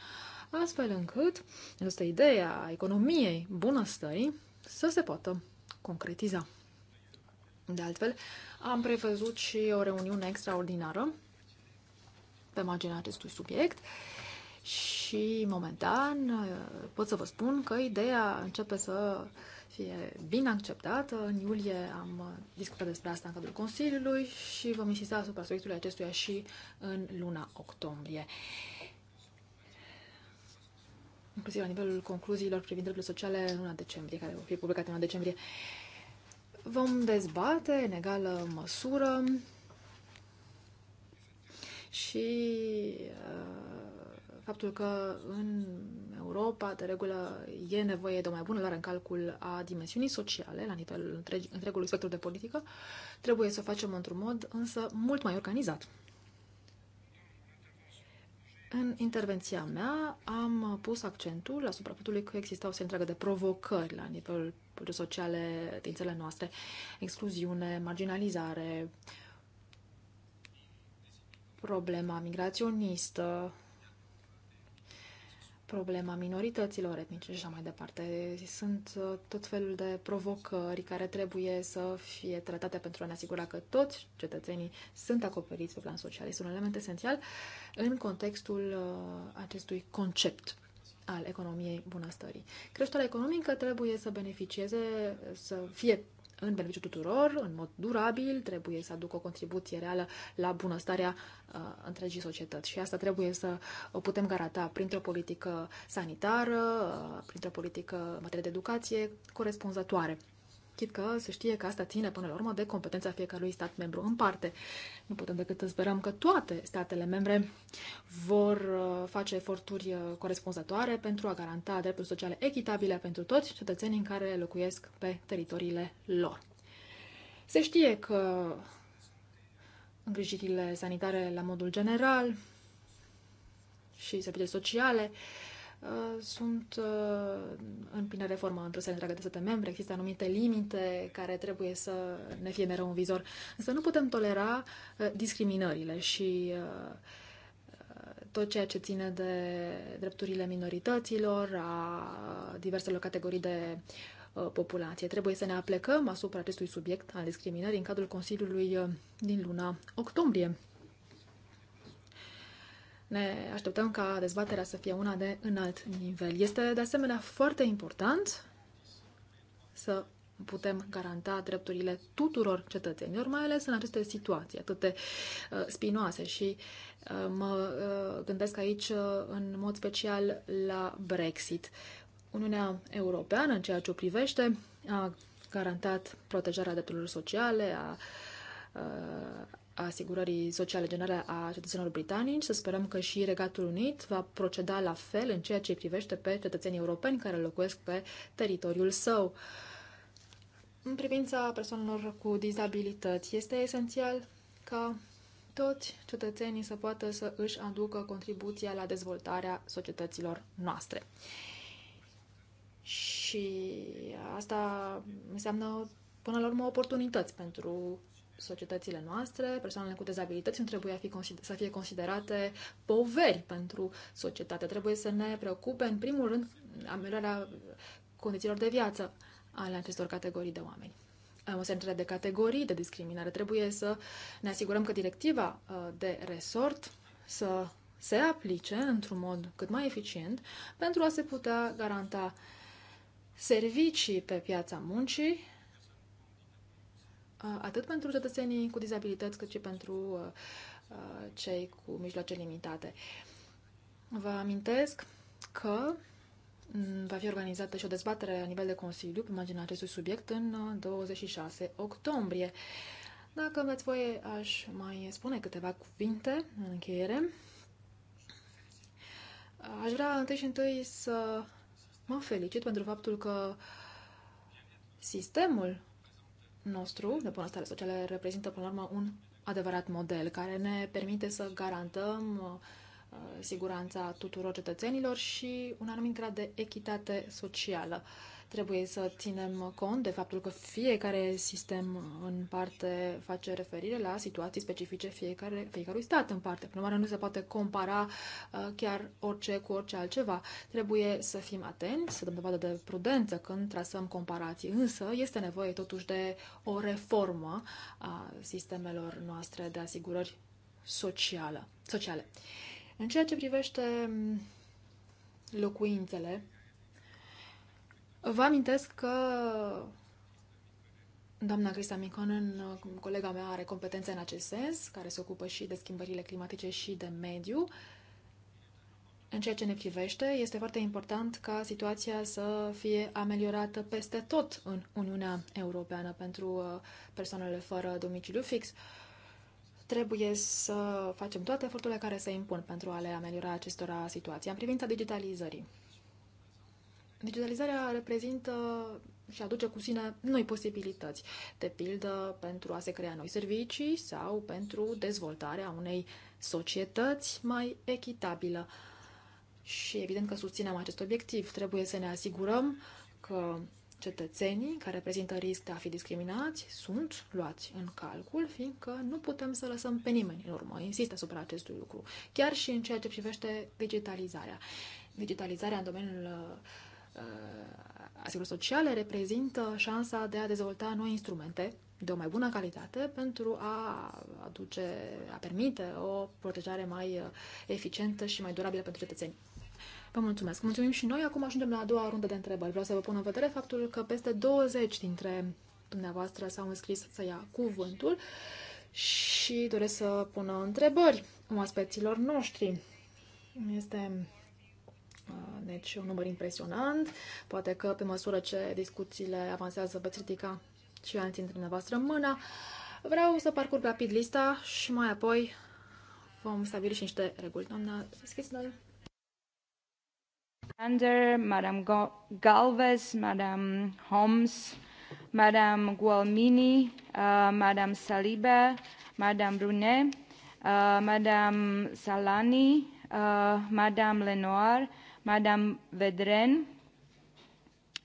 astfel încât această idee a economiei bunăstării să se poată concretiza. De altfel, am prevăzut și o reuniune extraordinară pe marginea acestui subiect și momentan pot să vă spun că ideea începe să fie bine acceptată. În iulie am discutat despre asta în cadrul Consiliului și vom insista asupra subiectului acestuia și în luna octombrie. Inclusiv la nivelul concluziilor privind drepturile sociale în luna decembrie, care vor fi publicate în luna decembrie. Uh, Vom dezbate în egală măsură și uh, faptul că în Europa, de regulă, e nevoie de o mai bună luare în calcul a dimensiunii sociale la nivelul întregului spectru de politică, trebuie să o facem într-un mod însă mult mai organizat. În intervenția mea am pus accentul asupra faptului că exista o întreagă de provocări la nivel sociale din țele noastre, excluziune, marginalizare, problema migraționistă, problema minorităților etnice și așa mai departe. Sunt uh, tot felul de provocări care trebuie să fie tratate pentru a ne asigura că toți cetățenii sunt acoperiți pe plan social. Este un element esențial în contextul uh, acestui concept al economiei bunăstării. Creșterea economică trebuie să beneficieze, să fie în beneficiul tuturor, în mod durabil, trebuie să aducă o contribuție reală la bunăstarea uh, întregii societăți. Și asta trebuie să o putem garanta printr-o politică sanitară, uh, printr-o politică în materie de educație corespunzătoare chit că se știe că asta ține până la urmă de competența fiecărui stat membru în parte. Nu putem decât să sperăm că toate statele membre vor uh, face eforturi uh, corespunzătoare pentru a garanta drepturi sociale echitabile pentru toți cetățenii în care locuiesc pe teritoriile lor. Se știe că îngrijirile sanitare la modul general și serviciile sociale uh, Uh, sunt uh, în plină reformă într-o serie întreagă de state membre, există anumite limite care trebuie să ne fie mereu un vizor, însă nu putem tolera uh, discriminările și tot ceea ce ține de drepturile minorităților, a diverselor categorii de populație. Trebuie să ne aplecăm asupra acestui subiect al discriminării în cadrul Consiliului din luna octombrie. Ne așteptăm ca dezbaterea să fie una de înalt nivel. Este de asemenea foarte important să putem garanta drepturile tuturor cetățenilor, mai ales în aceste situații atât de uh, spinoase și uh, mă uh, gândesc aici în mod special la Brexit. Uniunea Europeană, în ceea ce o privește, a garantat protejarea drepturilor sociale, a asigurării sociale generale a cetățenilor britanici. Să sperăm că și Regatul Unit va proceda la fel în ceea ce privește pe cetățenii europeni care locuiesc pe teritoriul său. În privința persoanelor cu dizabilități, este esențial ca toți cetățenii să poată să își aducă contribuția la dezvoltarea societăților noastre. Și asta înseamnă, până la urmă, oportunități pentru societățile noastre, persoanele cu dezabilități nu trebuie fi să fie considerate poveri pentru societate. Trebuie să ne preocupe, în primul rând, ameliorarea condițiilor de viață ale acestor categorii de oameni. O să de categorii de discriminare. Trebuie să ne asigurăm că directiva uh, de resort să se aplice într-un mod cât mai eficient pentru a se putea garanta servicii pe piața muncii atât pentru cetățenii cu dizabilități, cât și pentru cei cu mijloace limitate. Vă amintesc că va fi organizată și o dezbatere la nivel de Consiliu pe marginea acestui subiect în 26 octombrie. Dacă îmi dați voie, aș mai spune câteva cuvinte în încheiere. Aș vrea întâi și întâi să mă felicit pentru faptul că sistemul nostru de bunăstare socială reprezintă, până la urmă, un adevărat model care ne permite să garantăm uh, siguranța tuturor cetățenilor și un anumit grad de echitate socială. Trebuie să ținem cont de faptul că fiecare sistem în parte face referire la situații specifice fiecare, fiecărui stat în parte. Prin urmare, nu se poate compara uh, chiar orice cu orice altceva. Trebuie să fim atenți, să dăm dovadă de prudență când trasăm comparații. Însă, este nevoie totuși de o reformă a sistemelor noastre de asigurări sociale. În ceea ce privește mm, locuințele, Vă amintesc că doamna Crista Miconen, colega mea, are competențe în acest sens, care se ocupă și de schimbările climatice și de mediu. În ceea ce ne privește, este foarte important ca situația să fie ameliorată peste tot în Uniunea Europeană pentru uh, persoanele fără domiciliu fix. Trebuie să facem toate eforturile care se impun pentru a le ameliora acestora situația. În privința digitalizării, Digitalizarea reprezintă și aduce cu sine noi posibilități, de pildă pentru a se crea noi servicii sau pentru dezvoltarea unei societăți mai echitabilă. Și evident că susținem acest obiectiv. Trebuie să ne asigurăm că cetățenii care prezintă risc de a fi discriminați sunt luați în calcul, fiindcă nu putem să lăsăm pe nimeni în urmă. Insist asupra acestui lucru, chiar și în ceea ce privește digitalizarea. Digitalizarea în domeniul uh, Uh, asigurări sociale reprezintă șansa de a dezvolta noi instrumente de o mai bună calitate pentru a aduce, a permite o protejare mai uh, eficientă și mai durabilă pentru cetățeni. Vă mulțumesc. Mulțumim și noi. Acum ajungem la a doua rundă de întrebări. Vreau să vă pun în vedere faptul că peste 20 dintre dumneavoastră s-au înscris să ia cuvântul și doresc să pună întrebări oaspeților noștri. Este Ah, deci un număr impresionant. Poate că pe măsură ce discuțiile avansează veți ridica și alții dintre dumneavoastră mână. Vreau să parcurg rapid lista și mai apoi vom stabili și niște reguli. Doamna Schisnel. Under Madame Galvez, Madame Holmes, Madame Gualmini, uh, Madame Saliba, Madame Brunet, uh, Madame Salani, uh, Madame Lenoir, Madame Vedren,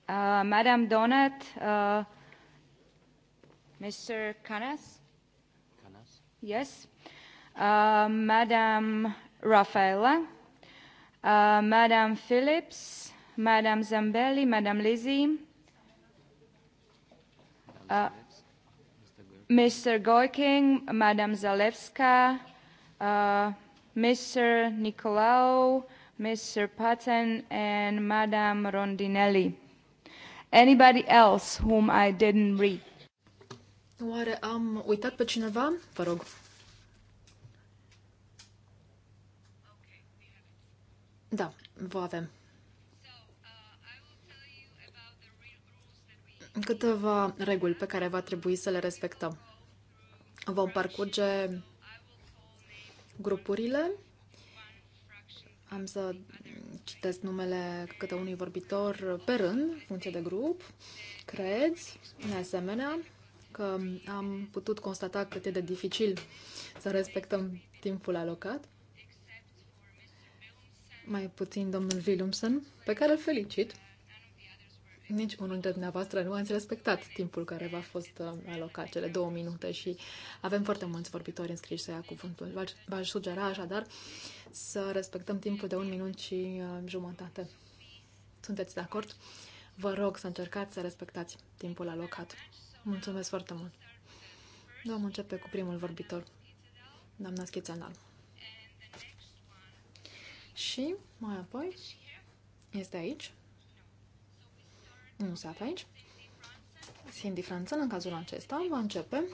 uh, Madame Donat, uh, Mr. Canas? Canas? Yes. Uh, Madame Rafaela, uh, Madame Phillips, Madame Zambelli, Madame Lizzie, uh, Mr. Goiking, Madame Zalewska, uh, Mr. Nicolaou, Mr. Patten, and Madame Rondinelli. Anybody else whom I didn't read? Oare am uitat pe cineva? Vă rog. Da, vă avem. Câteva reguli pe care va trebui să le respectăm. Vom parcurge grupurile am să citesc numele câte unui vorbitor pe rând, funcție de grup. Cred, în asemenea, că am putut constata cât e de dificil să respectăm timpul alocat. Mai puțin domnul Willumsen, pe care îl felicit nici unul dintre dumneavoastră nu ați respectat timpul care v-a fost uh, alocat, cele două minute și avem foarte mulți vorbitori înscriși să ia cuvântul. V-aș sugera așadar să respectăm timpul de un minut și uh, jumătate. Sunteți de acord? Vă rog să încercați să respectați timpul alocat. Mulțumesc foarte mult! Vom începe cu primul vorbitor, doamna Schițanal. Și mai apoi este aici nu se află aici. Cindy Franțan, în cazul acesta, va începe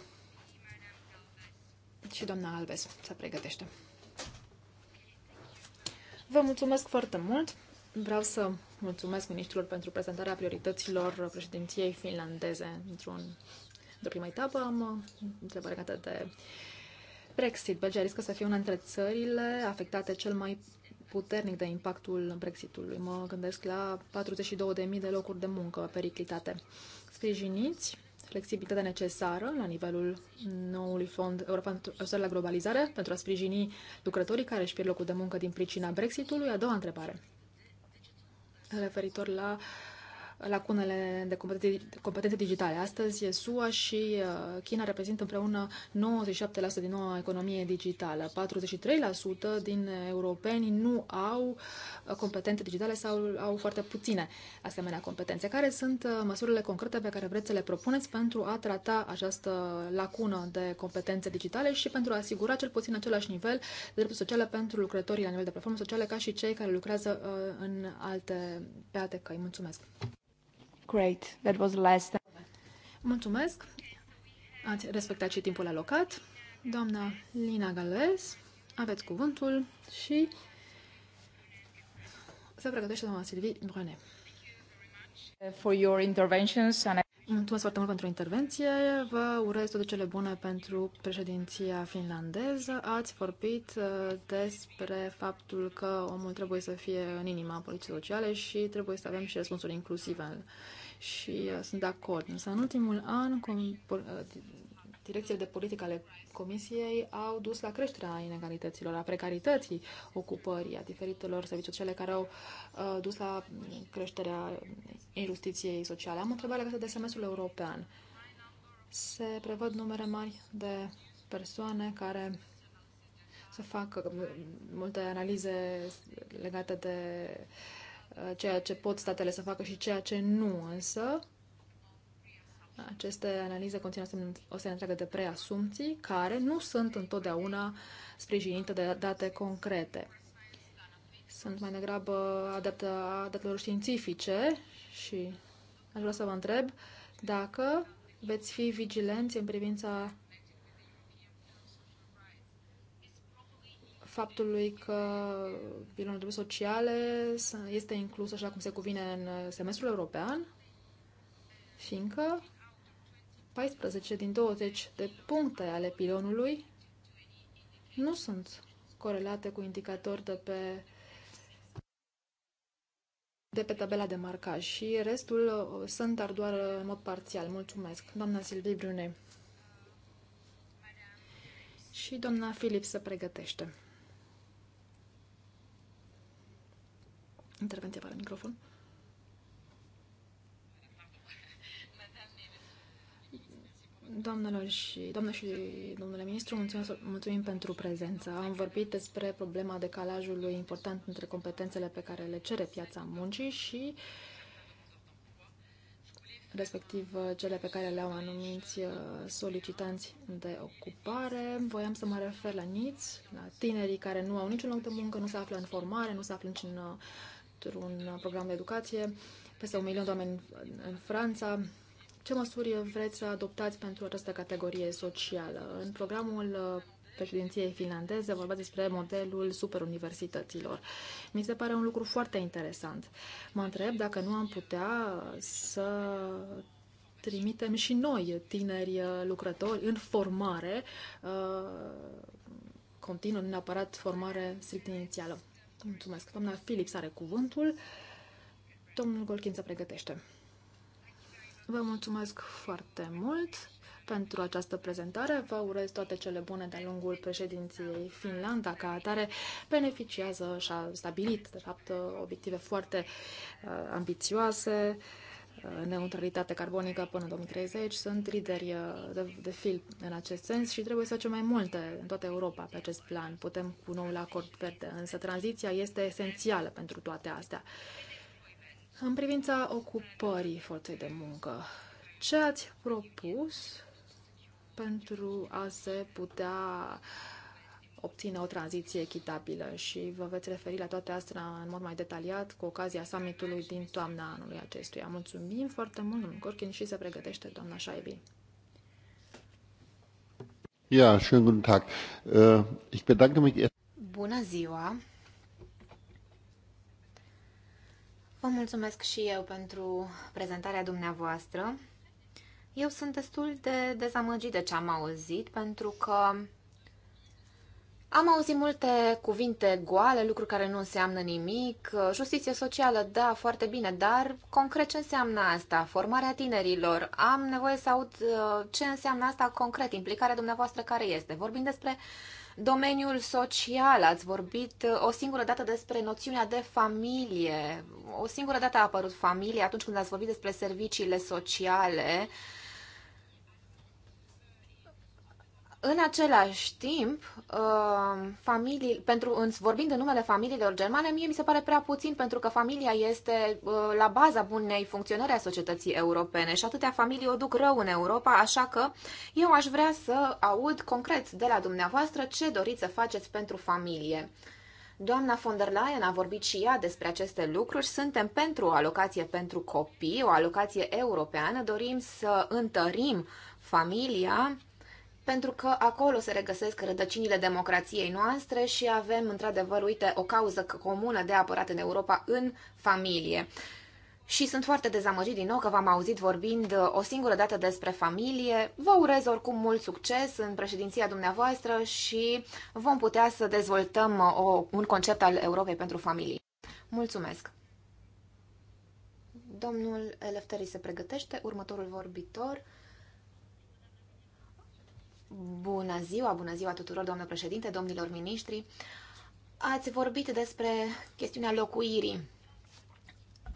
și doamna Alves se pregătește. Vă mulțumesc foarte mult! Vreau să mulțumesc ministrilor pentru prezentarea priorităților președinției finlandeze într-un de prima etapă. Am întrebare legată de Brexit. Belgia riscă să fie una dintre țările afectate cel mai puternic de impactul Brexitului. Mă gândesc la 42.000 de locuri de muncă periclitate. Sprijiniți flexibilitatea necesară la nivelul noului fond european la globalizare pentru a sprijini lucrătorii care își pierd locul de muncă din pricina Brexitului. A doua întrebare referitor la uh, lacunele de competențe digitale. Astăzi, SUA și uh, China reprezintă împreună 97% din noua economie digitală. 43% din europeni nu au uh, competențe digitale sau au foarte puține asemenea competențe. Care sunt uh, măsurile concrete pe care vreți să le propuneți pentru a trata această lacună de competențe digitale și pentru a asigura cel puțin același nivel de drepturi sociale pentru lucrătorii la nivel de platforme sociale ca și cei care lucrează în alte, pe alte căi? Mulțumesc! Great, that was the last. Mulțumesc. Ați respectat și timpul alocat. Doamna Lina Galvez, aveți cuvântul și se pregătește doamna Silvi Brune. For your interventions and Mulțumesc foarte mult pentru intervenție. Vă urez toate cele bune pentru președinția finlandeză. Ați vorbit uh, despre faptul că omul trebuie să fie în inima politicii sociale și trebuie să avem și răspunsuri inclusive. Și uh, sunt de acord. Însă în ultimul an, uh, direcțiile de politică ale Comisiei au dus la creșterea inegalităților, a precarității ocupării, a diferitelor servicii sociale care au uh, dus la creșterea injustiției sociale. Am o întrebare legată de semestrul european. Se prevăd numere mari de persoane care să facă multe analize legate de uh, ceea ce pot statele să facă și ceea ce nu, însă aceste analize conțin o serie întreagă de preasumții care nu sunt întotdeauna sprijinite de date concrete. Sunt mai degrabă adeptă a datelor științifice și aș vrea să vă întreb dacă veți fi vigilenți în privința faptului că de sociale este inclus așa cum se cuvine în semestrul european, fiindcă 14 din 20 de puncte ale pilonului nu sunt corelate cu indicatori de pe, de pe tabela de marcaj și restul uh, sunt, dar doar în mod parțial. Mulțumesc, doamna Silvii Brune. Și doamna Filip se pregătește. Intervenție fără microfon. Doamnelor și, doamne și domnule ministru, mulțumim, mulțumim pentru prezență. Am vorbit despre problema decalajului important între competențele pe care le cere piața muncii și respectiv uh, cele pe care le-au anumiți uh, solicitanți de ocupare. Voiam să mă refer la niți, la tinerii care nu au niciun loc de muncă, nu se află în formare, nu se află uh, într-un program de educație. Peste un milion de oameni în Franța, ce măsuri vreți să adoptați pentru această categorie socială? În programul uh, președinției finlandeze vorbați despre modelul superuniversităților. Mi se pare un lucru foarte interesant. Mă întreb dacă nu am putea să trimitem și noi tineri uh, lucrători în formare uh, continuă, nu neapărat formare strict inițială. Mulțumesc. Doamna Philips are cuvântul. Domnul Golchin se pregătește. Vă mulțumesc foarte mult pentru această prezentare. Vă urez toate cele bune de-a lungul președinției Finlanda, ca atare beneficiază și a stabilit, de fapt, obiective foarte uh, ambițioase uh, neutralitate carbonică până în 2030. Sunt lideri uh, de, de fil în acest sens și trebuie să facem mai multe în toată Europa pe acest plan. Putem cu noul acord verde, însă tranziția este esențială pentru toate astea. În privința ocupării forței de muncă, ce ați propus pentru a se putea obține o tranziție echitabilă și vă veți referi la toate astea în mod mai detaliat cu ocazia summitului din toamna anului acestuia. Mulțumim foarte mult, domnul Corkin, și se pregătește doamna Șaibi. Ja, schönen guten Tag. Äh, ich bedanke mich. Bună ziua. Vă mulțumesc și eu pentru prezentarea dumneavoastră. Eu sunt destul de dezamăgit de ce am auzit, pentru că am auzit multe cuvinte goale, lucruri care nu înseamnă nimic, justiție socială, da, foarte bine, dar concret ce înseamnă asta? Formarea tinerilor, am nevoie să aud uh, ce înseamnă asta concret, implicarea dumneavoastră care este. Vorbim despre uh, Domeniul social, ați vorbit uh, o singură dată despre noțiunea de familie. O singură dată a apărut familie atunci când ați vorbit despre serviciile sociale. Uh, În același timp, uh, familii, pentru, în, vorbind în numele familiilor germane, mie mi se pare prea puțin pentru că familia este uh, la baza bunei funcționări a societății europene și atâtea familii o duc rău în Europa, așa că eu aș vrea să aud concret de la dumneavoastră ce doriți să faceți pentru familie. Doamna von der Leyen a vorbit și ea despre aceste lucruri. Suntem pentru o alocație pentru copii, o alocație europeană. Dorim să întărim familia pentru că acolo se regăsesc rădăcinile democrației noastre și avem, într-adevăr, uite, o cauză comună de apărat în Europa în familie. Și sunt foarte dezamăgit din nou că v-am auzit vorbind uh, o singură dată despre familie. Vă urez oricum mult succes în președinția dumneavoastră și vom putea să dezvoltăm uh, o, un concept al Europei pentru familii. Mulțumesc! Domnul Elefteri se pregătește, următorul vorbitor Bună ziua, bună ziua tuturor, domnule președinte, domnilor miniștri. Ați vorbit despre chestiunea locuirii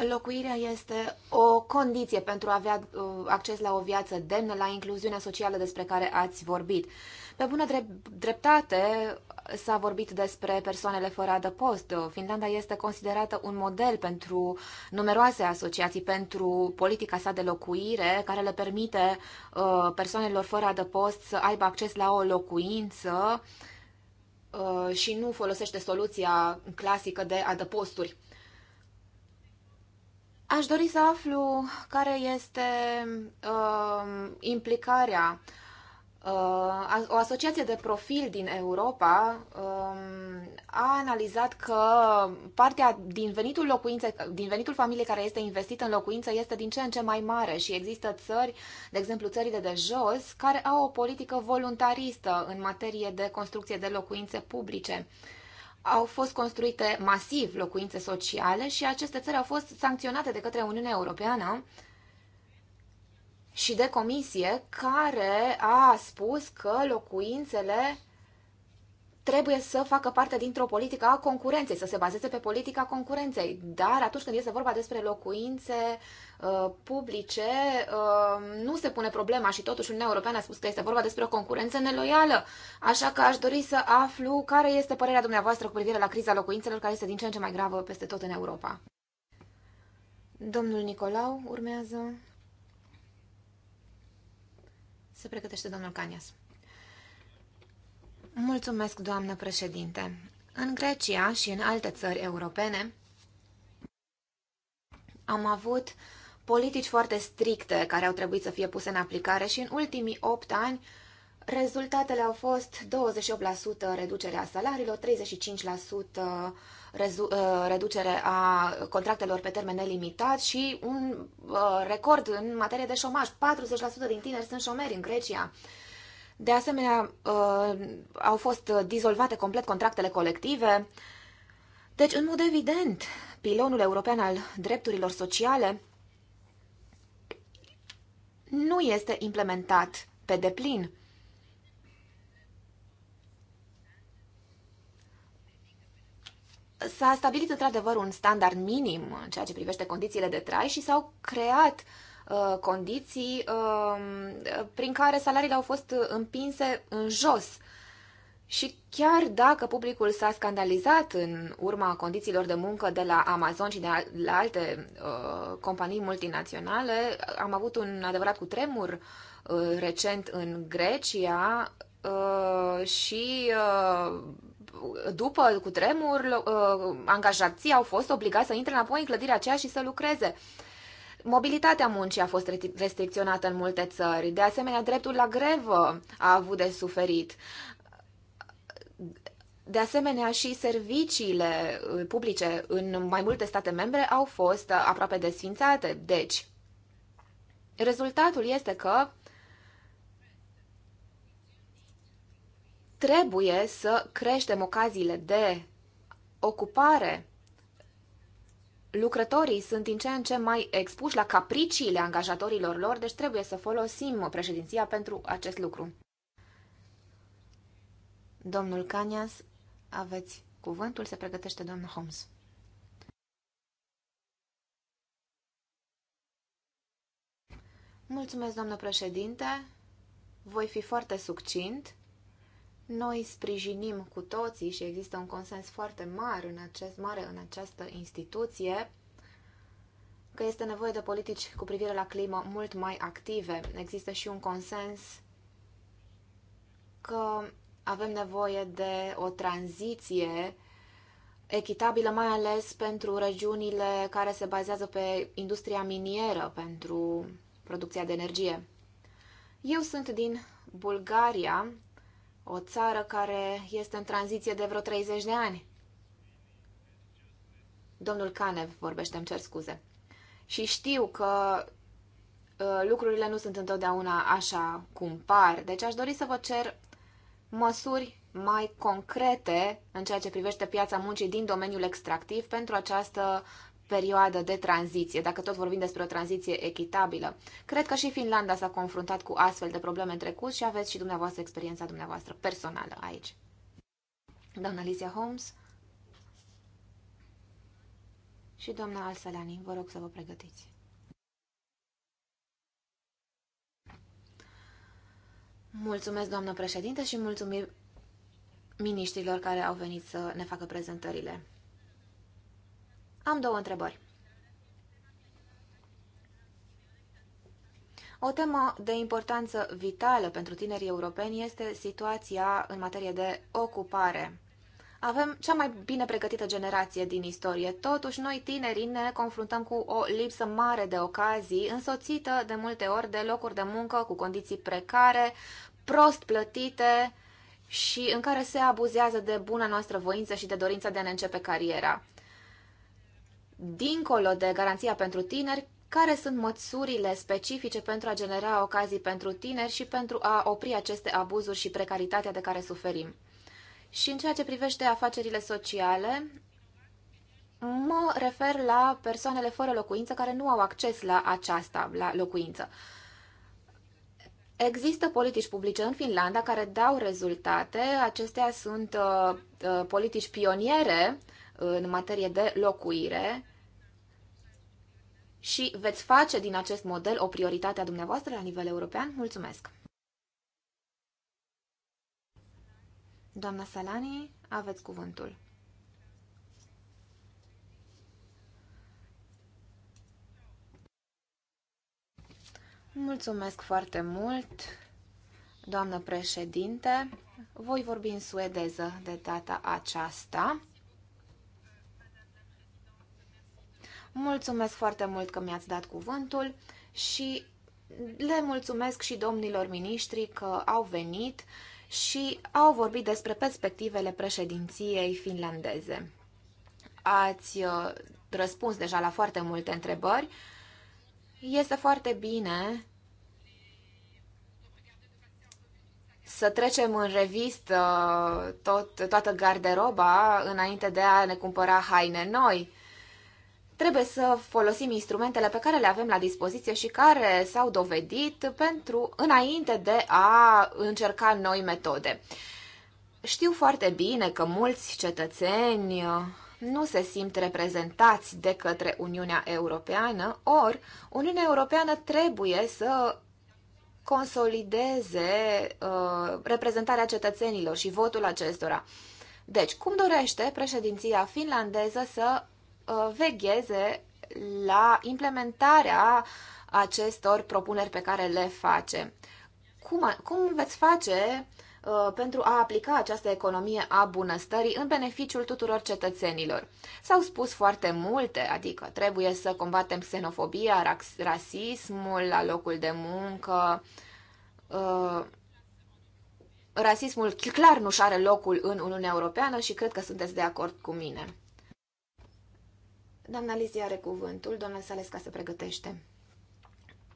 Locuirea este o condiție pentru a avea uh, acces la o viață demnă, la incluziunea socială despre care ați vorbit. Pe bună dreptate s-a vorbit despre persoanele fără adăpost. Finlanda este considerată un model pentru numeroase asociații, pentru politica sa de locuire, care le permite uh, persoanelor fără adăpost să aibă acces la o locuință uh, și nu folosește soluția clasică de adăposturi. Aș dori să aflu care este uh, implicarea. Uh, o asociație de profil din Europa uh, a analizat că partea din venitul locuințe, din venitul familiei care este investit în locuință este din ce în ce mai mare și există țări, de exemplu țările de jos, care au o politică voluntaristă în materie de construcție de locuințe publice. Uh, au fost construite masiv locuințe sociale și aceste țări au fost sancționate de către Uniunea Europeană și de comisie care a spus că locuințele trebuie să facă parte dintr-o politică a concurenței, să se bazeze pe politica concurenței. Dar atunci când este vorba despre locuințe Uh, publice uh, nu se pune problema și totuși Uniunea Europeană a spus că este vorba despre o concurență neloială. Așa că aș dori să aflu care este părerea dumneavoastră cu privire la criza locuințelor care este din ce în ce mai gravă peste tot în Europa. Domnul Nicolau urmează. Se pregătește domnul Canias. Mulțumesc, doamnă președinte. În Grecia și în alte țări europene am avut politici foarte stricte care au trebuit să fie puse în aplicare și în ultimii 8 ani rezultatele au fost 28% reducerea salariilor, 35% uh, reducere a contractelor pe termen nelimitat și un uh, record în materie de șomaj. 40% din tineri sunt șomeri în Grecia. De asemenea, uh, au fost dizolvate complet contractele colective. Deci, în mod evident, pilonul european al drepturilor sociale nu este implementat pe deplin. S-a stabilit într-adevăr un standard minim în ceea ce privește condițiile de trai și s-au creat uh, condiții uh, prin care salariile au fost împinse în jos și chiar dacă publicul s-a scandalizat în urma condițiilor de muncă de la Amazon și de la alte uh, companii multinaționale, am avut un adevărat cutremur uh, recent în Grecia uh, și uh, după cutremur, uh, angajații au fost obligați să intre înapoi în clădirea aceea și să lucreze. Mobilitatea muncii a fost restricționată în multe țări, de asemenea dreptul la grevă a avut de suferit. De asemenea, și serviciile uh, publice în mai multe state membre au fost uh, aproape desfințate. Deci, rezultatul este că trebuie să creștem ocaziile de ocupare. Lucrătorii sunt din ce în ce mai expuși la capriciile angajatorilor lor, deci trebuie să folosim președinția pentru acest lucru. Domnul Canias, aveți cuvântul, se pregătește doamna Holmes. Mulțumesc, doamnă președinte. Voi fi foarte succint. Noi sprijinim cu toții și există un consens foarte mare în, acest, mare în această instituție că este nevoie de politici cu privire la climă mult mai active. Există și un consens că avem nevoie de o tranziție echitabilă, mai ales pentru regiunile care se bazează pe industria minieră pentru producția de energie. Eu sunt din Bulgaria, o țară care este în tranziție de vreo 30 de ani. Domnul Canev vorbește, îmi cer scuze. Și știu că uh, lucrurile nu sunt întotdeauna așa cum par, deci aș dori să vă cer măsuri mai concrete în ceea ce privește piața muncii din domeniul extractiv pentru această perioadă de tranziție, dacă tot vorbim despre o tranziție echitabilă. Cred că și Finlanda s-a confruntat cu astfel de probleme în trecut și aveți și dumneavoastră experiența dumneavoastră personală aici. Doamna Alicia Holmes și doamna Alsalani, vă rog să vă pregătiți. Mulțumesc, doamnă președinte, și mulțumim miniștrilor care au venit să ne facă prezentările. Am două întrebări. O temă de importanță vitală pentru tinerii europeni este situația în materie de ocupare. Avem cea mai bine pregătită generație din istorie, totuși noi tinerii ne confruntăm cu o lipsă mare de ocazii, însoțită de multe ori de locuri de muncă cu condiții precare, prost plătite și în care se abuzează de buna noastră voință și de dorința de a ne începe cariera. Dincolo de garanția pentru tineri, care sunt măsurile specifice pentru a genera ocazii pentru tineri și pentru a opri aceste abuzuri și precaritatea de care suferim. Și în ceea ce privește afacerile sociale, mă refer la persoanele fără locuință care nu au acces la aceasta, la locuință. Uh, Există politici publice în Finlanda care dau rezultate. Acestea sunt uh, uh, politici pioniere în materie de locuire și veți face din acest model o prioritate a dumneavoastră la nivel european? Mulțumesc! Doamna Salani, aveți cuvântul. Mulțumesc foarte mult, doamnă președinte. Voi vorbi în suedeză de data aceasta. Mulțumesc foarte mult că mi-ați dat cuvântul și le mulțumesc și domnilor miniștri că au venit și au vorbit despre perspectivele președinției finlandeze. Ați uh, răspuns deja la foarte multe întrebări. Este foarte bine să trecem în revistă uh, tot, toată garderoba înainte de a ne cumpăra haine noi. Trebuie să folosim instrumentele pe care le avem la dispoziție și care s-au dovedit pentru înainte de a încerca noi metode. Știu foarte bine că mulți cetățeni uh, nu se simt reprezentați de către Uniunea Europeană, ori Uniunea Europeană trebuie să consolideze uh, reprezentarea cetățenilor și votul acestora. Deci, cum dorește președinția finlandeză să uh, vegheze la implementarea acestor propuneri pe care le face? Cum, cum veți face uh, Uh, pentru a aplica această economie a bunăstării în beneficiul tuturor cetățenilor. S-au spus foarte multe, adică trebuie să combatem xenofobia, rasismul la locul de muncă. Uh, rasismul clar nu-și are locul în Uniunea Europeană și cred că sunteți de acord cu mine. Doamna Lizia are cuvântul, doamna Sales, ca se pregătește.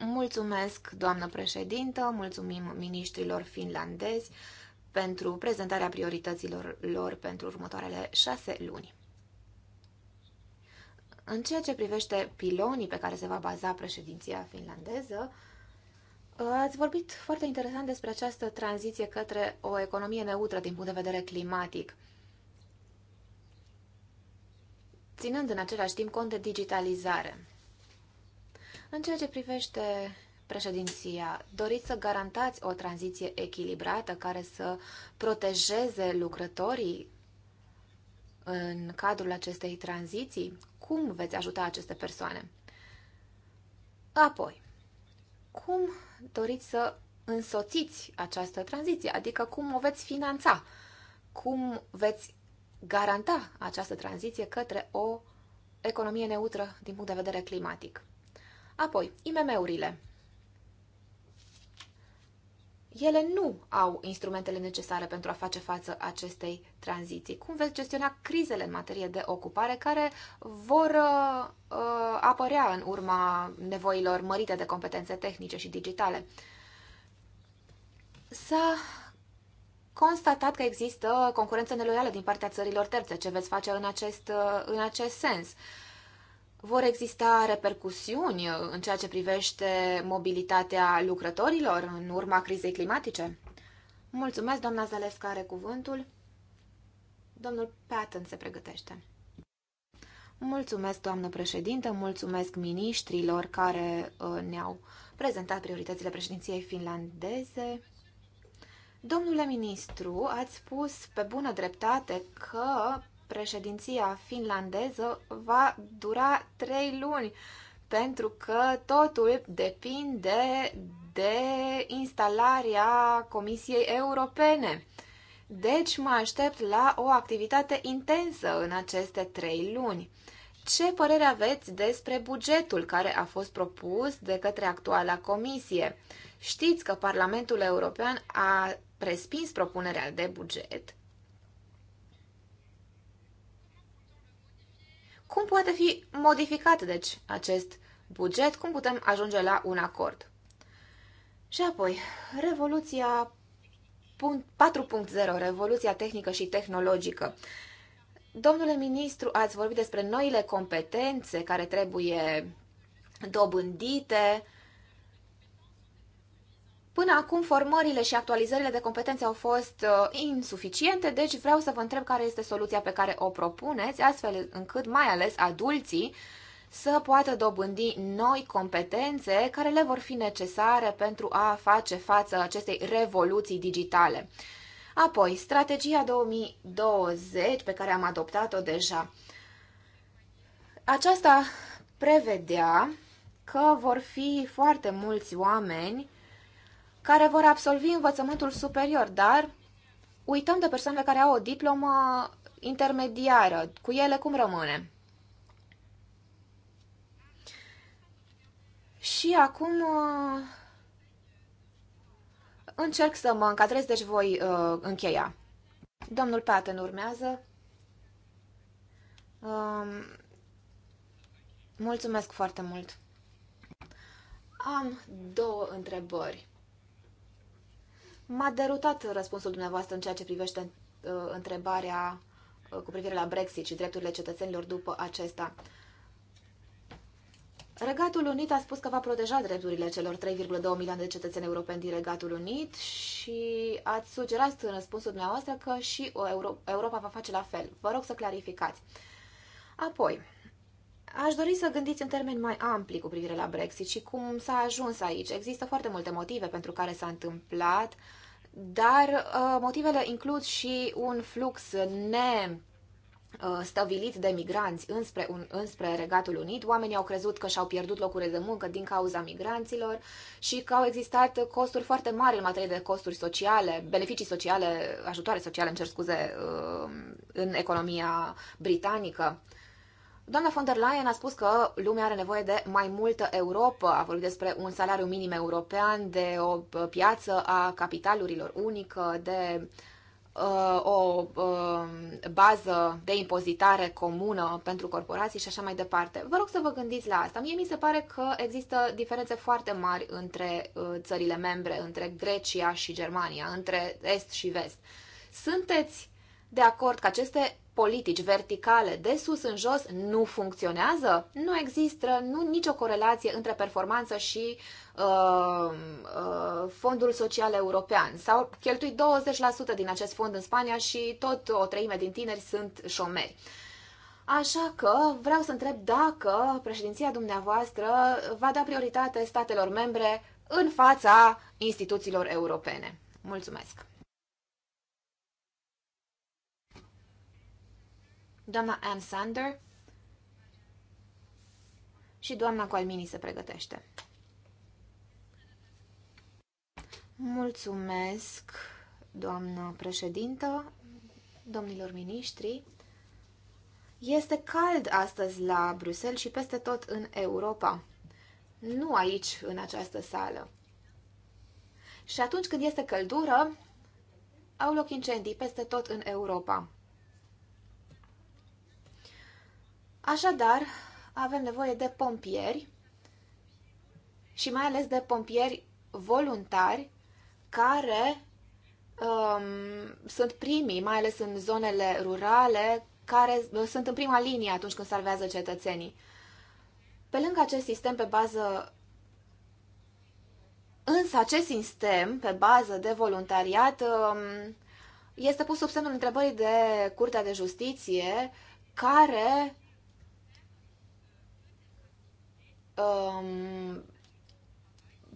Mulțumesc, doamnă președintă, mulțumim ministrilor finlandezi pentru prezentarea priorităților lor pentru următoarele șase luni. În ceea ce privește pilonii pe care se va baza președinția finlandeză, ați vorbit foarte interesant despre această tranziție către o economie neutră din punct de vedere climatic, ținând în același timp cont de digitalizare. În ceea ce privește președinția, doriți să garantați o tranziție echilibrată care să protejeze lucrătorii în cadrul acestei tranziții? Cum veți ajuta aceste persoane? Apoi, cum doriți să însoțiți această tranziție? Adică cum o veți finanța? Cum veți garanta această tranziție către o economie neutră din punct de vedere climatic? Apoi, IMM-urile. Ele nu au instrumentele necesare pentru a face față acestei tranziții. Cum veți gestiona crizele în materie de ocupare care vor uh, apărea în urma nevoilor mărite de competențe tehnice și digitale? S-a constatat că există concurență neloială din partea țărilor terțe. Ce veți face în acest, uh, în acest sens? Uh, vor exista repercusiuni în ceea ce privește mobilitatea lucrătorilor în urma crizei climatice? Mulțumesc, doamna Zalesca are cuvântul. Domnul Patton se pregătește. Mulțumesc, doamnă președintă, mulțumesc miniștrilor care uh, ne-au prezentat prioritățile președinției finlandeze. Domnule ministru, ați spus pe bună dreptate că președinția finlandeză va dura trei luni, pentru că totul depinde de instalarea Comisiei Europene. Deci mă aștept la o activitate intensă în aceste trei luni. Ce părere aveți despre bugetul care a fost propus de către actuala comisie? Știți că Parlamentul European a respins propunerea de buget Cum poate fi modificat, deci, acest buget? Cum putem ajunge la un acord? Și apoi, revoluția 4.0, revoluția tehnică și tehnologică. Domnule ministru, ați vorbit despre noile competențe care trebuie dobândite, Până acum, formările și actualizările de competențe au fost uh, insuficiente, deci vreau să vă întreb care este soluția pe care o propuneți, astfel încât mai ales adulții să poată dobândi noi competențe care le vor fi necesare pentru a face față acestei revoluții digitale. Apoi, strategia 2020 pe care am adoptat-o deja. Aceasta prevedea că vor fi foarte mulți oameni care vor absolvi învățământul superior, dar uităm de persoanele care au o diplomă intermediară. Cu ele cum rămâne? Și acum uh, încerc să mă încadrez, deci voi uh, încheia. Domnul Paten urmează. Um, mulțumesc foarte mult. Am două întrebări. M-a derutat răspunsul dumneavoastră în ceea ce privește uh, întrebarea uh, cu privire la Brexit și drepturile cetățenilor după acesta. Regatul Unit a spus că va proteja drepturile celor 3,2 milioane de cetățeni europeni din Regatul Unit și ați sugerat în răspunsul dumneavoastră că și Europa va face la fel. Vă rog să clarificați. Apoi, Aș dori să gândiți în termeni mai ampli cu privire la Brexit și cum s-a ajuns aici. Există foarte multe motive pentru care s-a întâmplat, dar uh, motivele includ și un flux ne uh, stăvilit de migranți înspre, un, înspre Regatul Unit. Oamenii au crezut că și-au pierdut locurile de muncă din cauza migranților și că au existat costuri foarte mari în materie de costuri sociale, beneficii sociale, ajutoare sociale, îmi cer scuze, uh, în economia britanică. Doamna von der Leyen a spus că lumea are nevoie de mai multă Europa, a vorbit despre un salariu minim european, de o piață a capitalurilor unică, de uh, o uh, bază de impozitare comună pentru corporații și așa mai departe. Vă rog să vă gândiți la asta. Mie mi se pare că există diferențe foarte mari între uh, țările membre, între Grecia și Germania, între Est și Vest. Sunteți de acord că aceste politici verticale de sus în jos nu funcționează? Nu există nu, nicio corelație între performanță și uh, uh, fondul social european. Sau cheltui 20% din acest fond în Spania și tot o treime din tineri sunt șomeri. Așa că vreau să întreb dacă președinția dumneavoastră va da prioritate statelor membre în fața instituțiilor europene. Mulțumesc! doamna Ann Sander și doamna Coalmini se pregătește. Mulțumesc, doamnă președintă, domnilor miniștri. Este cald astăzi la Bruxelles și peste tot în Europa. Nu aici, în această sală. Și atunci când este căldură, au loc incendii peste tot în Europa. Așadar, avem nevoie de pompieri și mai ales de pompieri voluntari care um, sunt primii, mai ales în zonele rurale, care uh, sunt în prima linie atunci când salvează cetățenii. Pe lângă acest sistem pe bază Însă acest sistem, pe bază de voluntariat, um, este pus sub semnul întrebării de Curtea de Justiție, care um,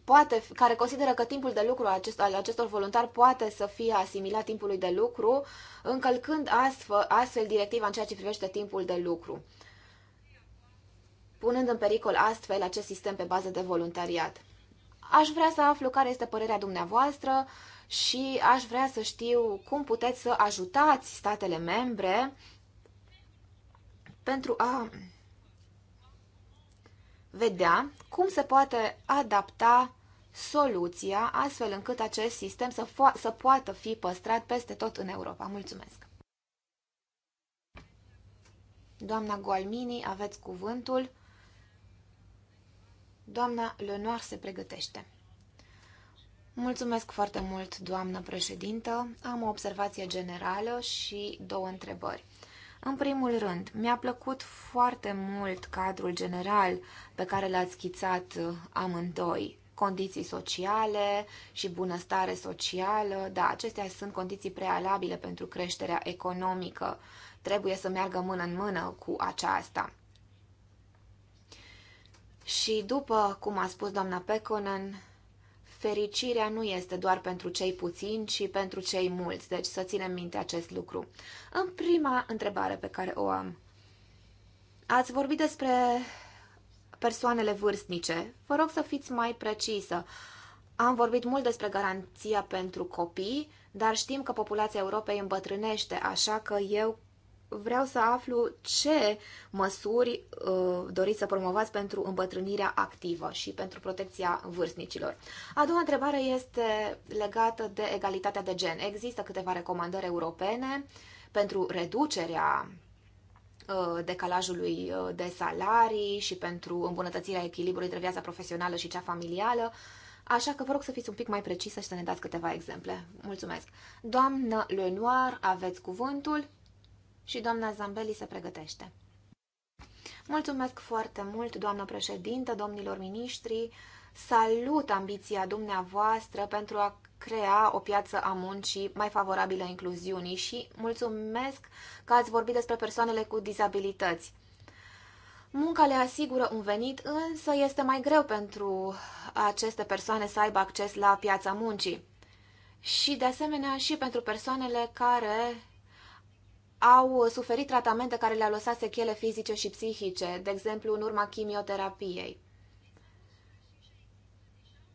poate, care consideră că timpul de lucru acest, al acestor voluntari poate să fie asimilat timpului de lucru, încălcând astfel, astfel directiva în ceea ce privește timpul de lucru, punând în pericol astfel acest sistem pe bază de voluntariat. Aș vrea să aflu care este părerea dumneavoastră și aș vrea să știu cum puteți să ajutați statele membre pentru a vedea cum se poate adapta soluția astfel încât acest sistem să, să poată fi păstrat peste tot în Europa. Mulțumesc! Doamna Gualmini, aveți cuvântul. Doamna Lenoir se pregătește. Mulțumesc foarte mult, doamnă președintă. Am o observație generală și două întrebări. În primul rând, mi-a plăcut foarte mult cadrul general pe care l-ați schițat uh, amândoi. Condiții sociale și bunăstare socială, da, acestea sunt condiții prealabile pentru creșterea economică. Trebuie să meargă mână în mână cu aceasta. Și după cum a spus doamna Peconen, fericirea nu este doar pentru cei puțini, ci pentru cei mulți, deci să ținem minte acest lucru. În prima întrebare pe care o am, ați vorbit despre persoanele vârstnice. Vă rog să fiți mai precisă. Am vorbit mult despre garanția pentru copii, dar știm că populația Europei îmbătrânește, așa că eu vreau să aflu ce măsuri uh, doriți să promovați pentru îmbătrânirea activă și pentru protecția vârstnicilor. A doua întrebare este legată de egalitatea de gen. Există câteva recomandări europene pentru reducerea uh, decalajului uh, de salarii și pentru îmbunătățirea echilibrului între viața profesională și cea familială. Așa că vă rog să fiți un pic mai precisă și să ne dați câteva exemple. Mulțumesc! Doamnă Lenoir, aveți cuvântul și doamna Zambeli se pregătește. Mulțumesc foarte mult, doamnă președintă, domnilor miniștri. Salut ambiția dumneavoastră pentru a crea o piață a muncii mai favorabilă incluziunii și mulțumesc că ați vorbit despre persoanele cu dizabilități. Munca le asigură un venit, însă este mai greu pentru aceste persoane să aibă acces la piața muncii. Și, de asemenea, și pentru persoanele care au suferit tratamente care le-au lăsat sechele fizice și psihice, de exemplu în urma chimioterapiei.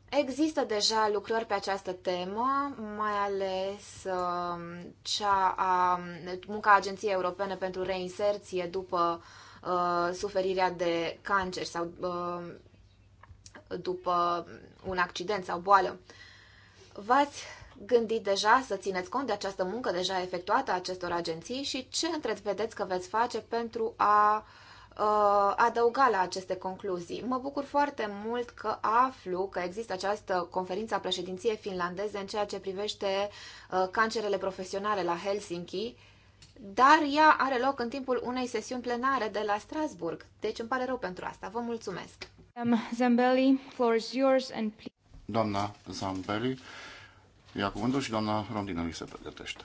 Există deja lucrări pe această temă, mai ales um, cea a, munca Agenției Europene pentru Reinserție după uh, suferirea de cancer sau uh, după un accident sau boală. V-ați gândit deja să țineți cont de această muncă deja efectuată a acestor agenții și ce întrevedeți că veți face pentru a uh, adăuga la aceste concluzii. Mă bucur foarte mult că aflu că există această conferință a președinției finlandeze în ceea ce privește uh, cancerele profesionale la Helsinki, dar ea are loc în timpul unei sesiuni plenare de la Strasburg. Deci îmi pare rău pentru asta. Vă mulțumesc. Zambelli, floor is yours and please... Doamna Zambelli, ia cuvântul și doamna Rondina mi se pregătește.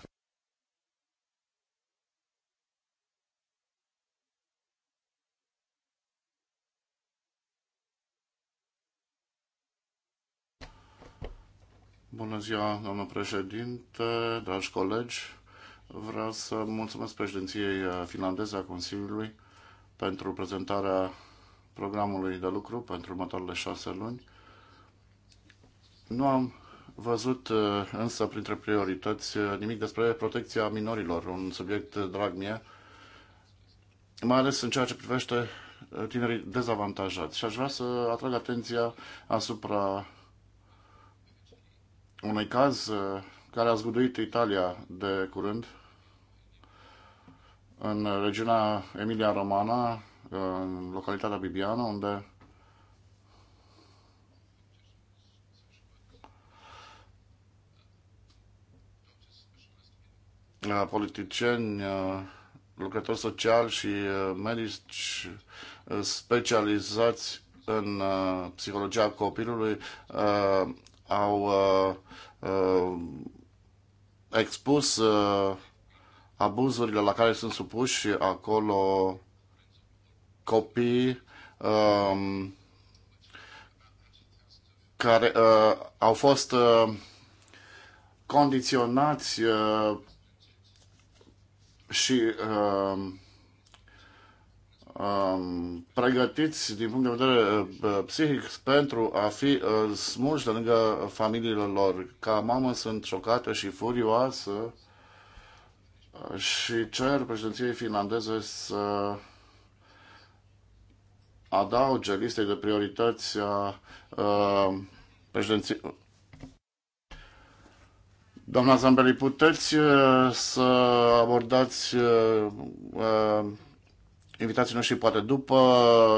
Bună ziua, doamnă președinte, dragi colegi. Vreau să mulțumesc președinției finlandeze a Consiliului pentru prezentarea programului de lucru pentru următoarele șase luni. Nu am văzut uh, însă printre priorități uh, nimic despre protecția minorilor, un subiect drag mie, mai ales în ceea ce privește uh, tinerii dezavantajați. Și aș vrea să atrag atenția asupra unui caz care a zguduit Italia de curând, în regiunea Emilia Romana, în localitatea Bibiana, unde Uh, politicieni, uh, lucrători sociali și uh, medici specializați în psihologia copilului au expus abuzurile la care sunt supuși acolo copii um, care au fost condiționați și uh, um, pregătiți din punct de vedere uh, psihic pentru a fi uh, smulși de lângă familiile lor. Ca mamă sunt șocată și furioasă și cer președinției finlandeze să adauge listei de priorități a uh, președinției Doamna Zambeli, puteți uh, să abordați uh, uh, invitații noștri poate după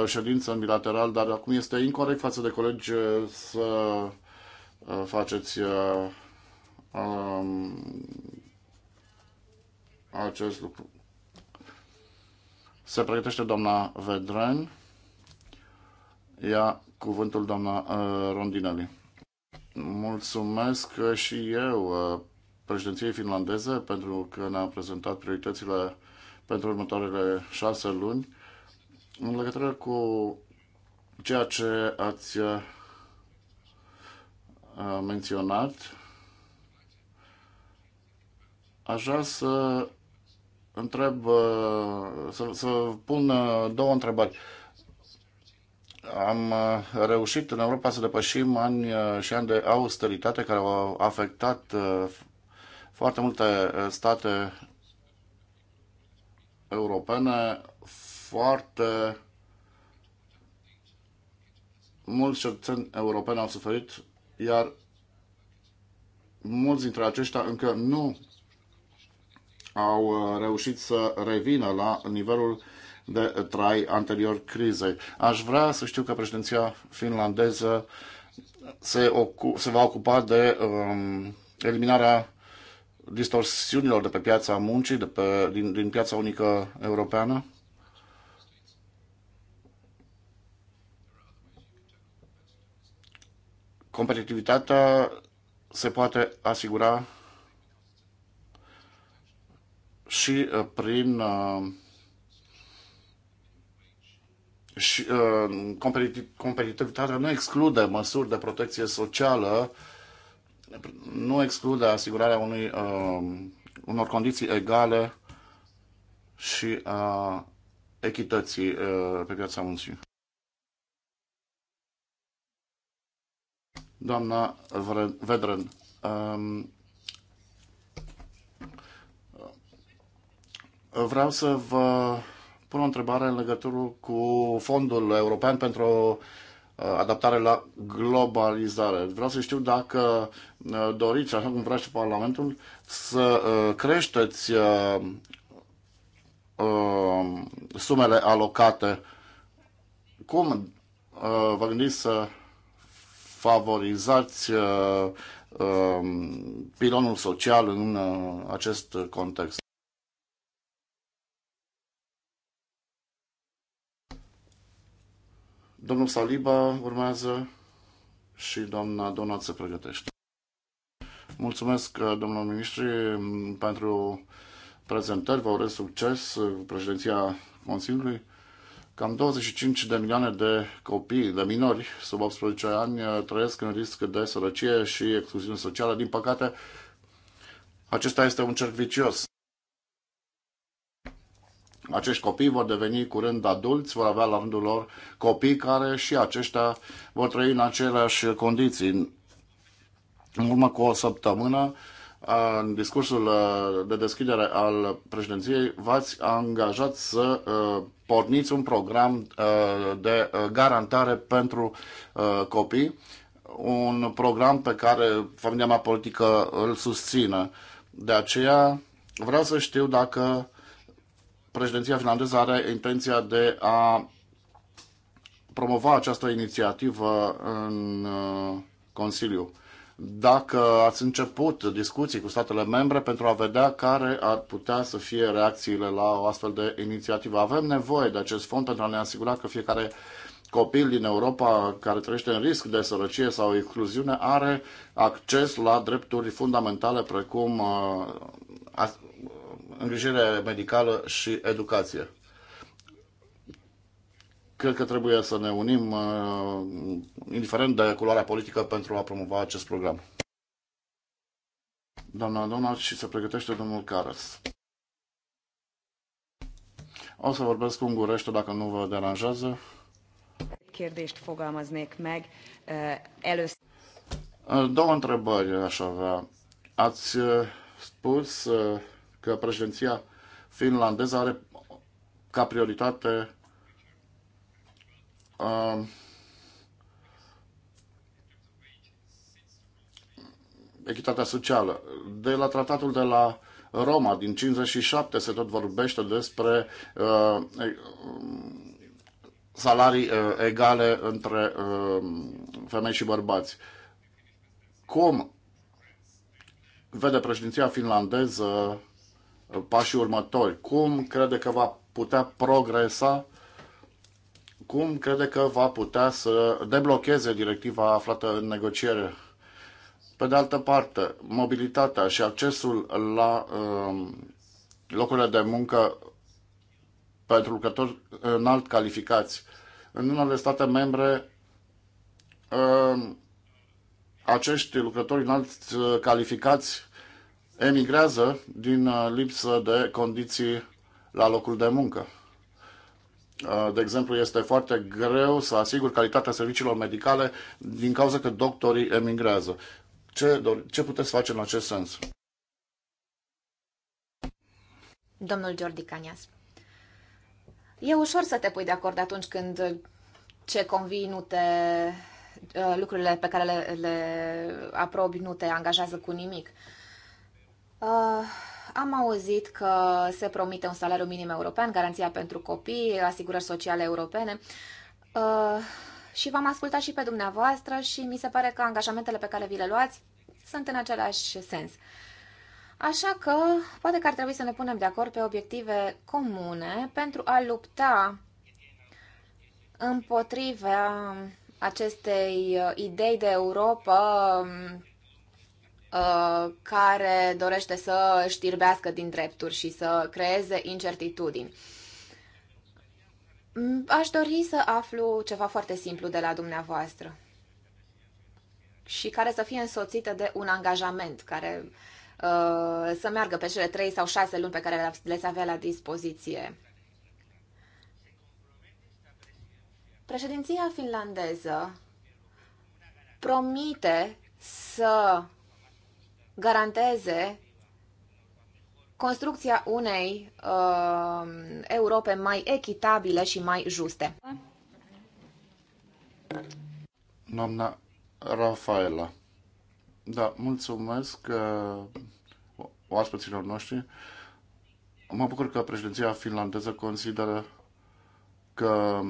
ședință în bilateral, dar acum este incorrect față de colegi să faceți um, acest lucru. Se pregătește doamna Vedren. Ia cuvântul doamna Rondinelli. Mulțumesc uh, și eu uh, președinției finlandeze pentru că ne-a prezentat prioritățile pentru următoarele șase luni. În legătură cu ceea ce ați uh, menționat, aș vrea să întreb, să, să pun două întrebări am uh, reușit în Europa să depășim ani uh, și ani de austeritate care au afectat uh, foarte multe state europene foarte mulți cetățeni europeni au suferit, iar mulți dintre aceștia încă nu au reușit să revină la nivelul de trai anterior crizei. Aș vrea să știu că președinția finlandeză se, ocu- se va ocupa de um, eliminarea distorsiunilor de pe piața muncii, de pe, din, din piața unică europeană? Competitivitatea se poate asigura și uh, prin uh, și uh, competitivitatea nu exclude măsuri de protecție socială, nu exclude asigurarea unui, uh, unor condiții egale și a echității uh, pe piața muncii. Doamna Vedren, um, vreau să vă pun o întrebare în legătură cu Fondul European pentru uh, adaptare la globalizare. Vreau să știu dacă uh, doriți, așa cum vrea și Parlamentul, să uh, creșteți sumele alocate. Cum vă gândiți să favorizați pilonul social în acest context? Domnul Saliba urmează și doamna Donat se pregătește. Mulțumesc, domnul ministru, pentru prezentări. Vă urez succes cu președinția Consiliului. Cam 25 de milioane de copii, de minori sub 18 ani, trăiesc în risc de sărăcie și excluziune socială. Din păcate, acesta este un cerc vicios. Acești copii vor deveni curând adulți, vor avea la rândul lor copii care și aceștia vor trăi în aceleași condiții. În urmă cu o săptămână, în discursul de deschidere al președinției, v-ați angajat să porniți un program de garantare pentru copii, un program pe care familia mea politică îl susține. De aceea vreau să știu dacă președinția finlandeză are intenția de a promova această inițiativă în uh, Consiliu. Dacă ați început discuții cu statele membre pentru a vedea care ar putea să fie reacțiile la o astfel de inițiativă. Avem nevoie de acest fond pentru a ne asigura că fiecare copil din Europa care trăiește în risc de sărăcie sau excluziune are acces la drepturi fundamentale precum uh, îngrijire medicală și educație. Cred că trebuie să ne unim, uh, indiferent de culoarea politică, pentru a promova acest program. Doamna Donald și se pregătește domnul Caras. O să vorbesc cu ungurește dacă nu vă deranjează. meg. Uh, Două întrebări aș avea. Ați uh, spus că președinția finlandeză are ca prioritate uh, echitatea socială. De la tratatul de la Roma din 57 se tot vorbește despre uh, um, salarii uh, egale între uh, femei și bărbați. Cum vede președinția finlandeză pașii următori? Cum crede că va putea progresa? Cum crede că va putea să deblocheze directiva aflată în negociere? Pe de altă parte, mobilitatea și accesul la um, locurile de muncă pentru lucrători înalt calificați. În unele state membre, um, acești lucrători înalt calificați emigrează din uh, lipsă de condiții la locul de muncă. Uh, de exemplu, este foarte greu să asigur calitatea serviciilor medicale din cauza că doctorii emigrează. Ce, ce puteți face în acest sens? Domnul Jordi Canias. E ușor să te pui de acord atunci când ce convii nu te uh, lucrurile pe care le, le aprobi nu te angajează cu nimic. Uh, am auzit că se promite un salariu minim european, garanția pentru copii, asigurări sociale europene. Uh, și v-am ascultat și pe dumneavoastră și mi se pare că angajamentele pe care vi le luați sunt în același sens. Așa că poate că ar trebui să ne punem de acord pe obiective comune pentru a lupta împotriva acestei uh, idei de Europa um, Uh, care dorește să știrbească din drepturi și să creeze incertitudini. Mm, aș dori să aflu ceva foarte simplu de la dumneavoastră și care să fie însoțită de un angajament care uh, să meargă pe cele trei sau șase luni pe care le avea la dispoziție. Președinția finlandeză promite să garanteze construcția unei uh, Europe mai echitabile și mai juste. Doamna Rafaela, da, mulțumesc uh, oaspeților noștri. Mă bucur că președinția finlandeză consideră că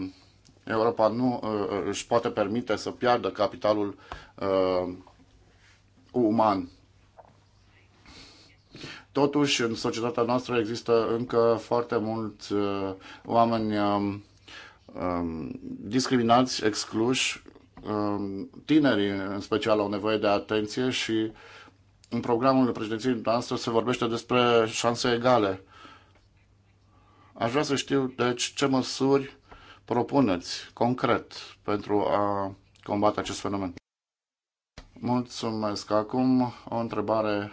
Europa nu uh, își poate permite să piardă capitalul uh, uman Totuși, în societatea noastră există încă foarte mulți uh, oameni um, um, discriminați, excluși, um, tinerii în special au nevoie de atenție și în programul de președinție noastră se vorbește despre șanse egale. Aș vrea să știu, deci, ce măsuri propuneți concret pentru a combate acest fenomen. Mulțumesc. Acum o întrebare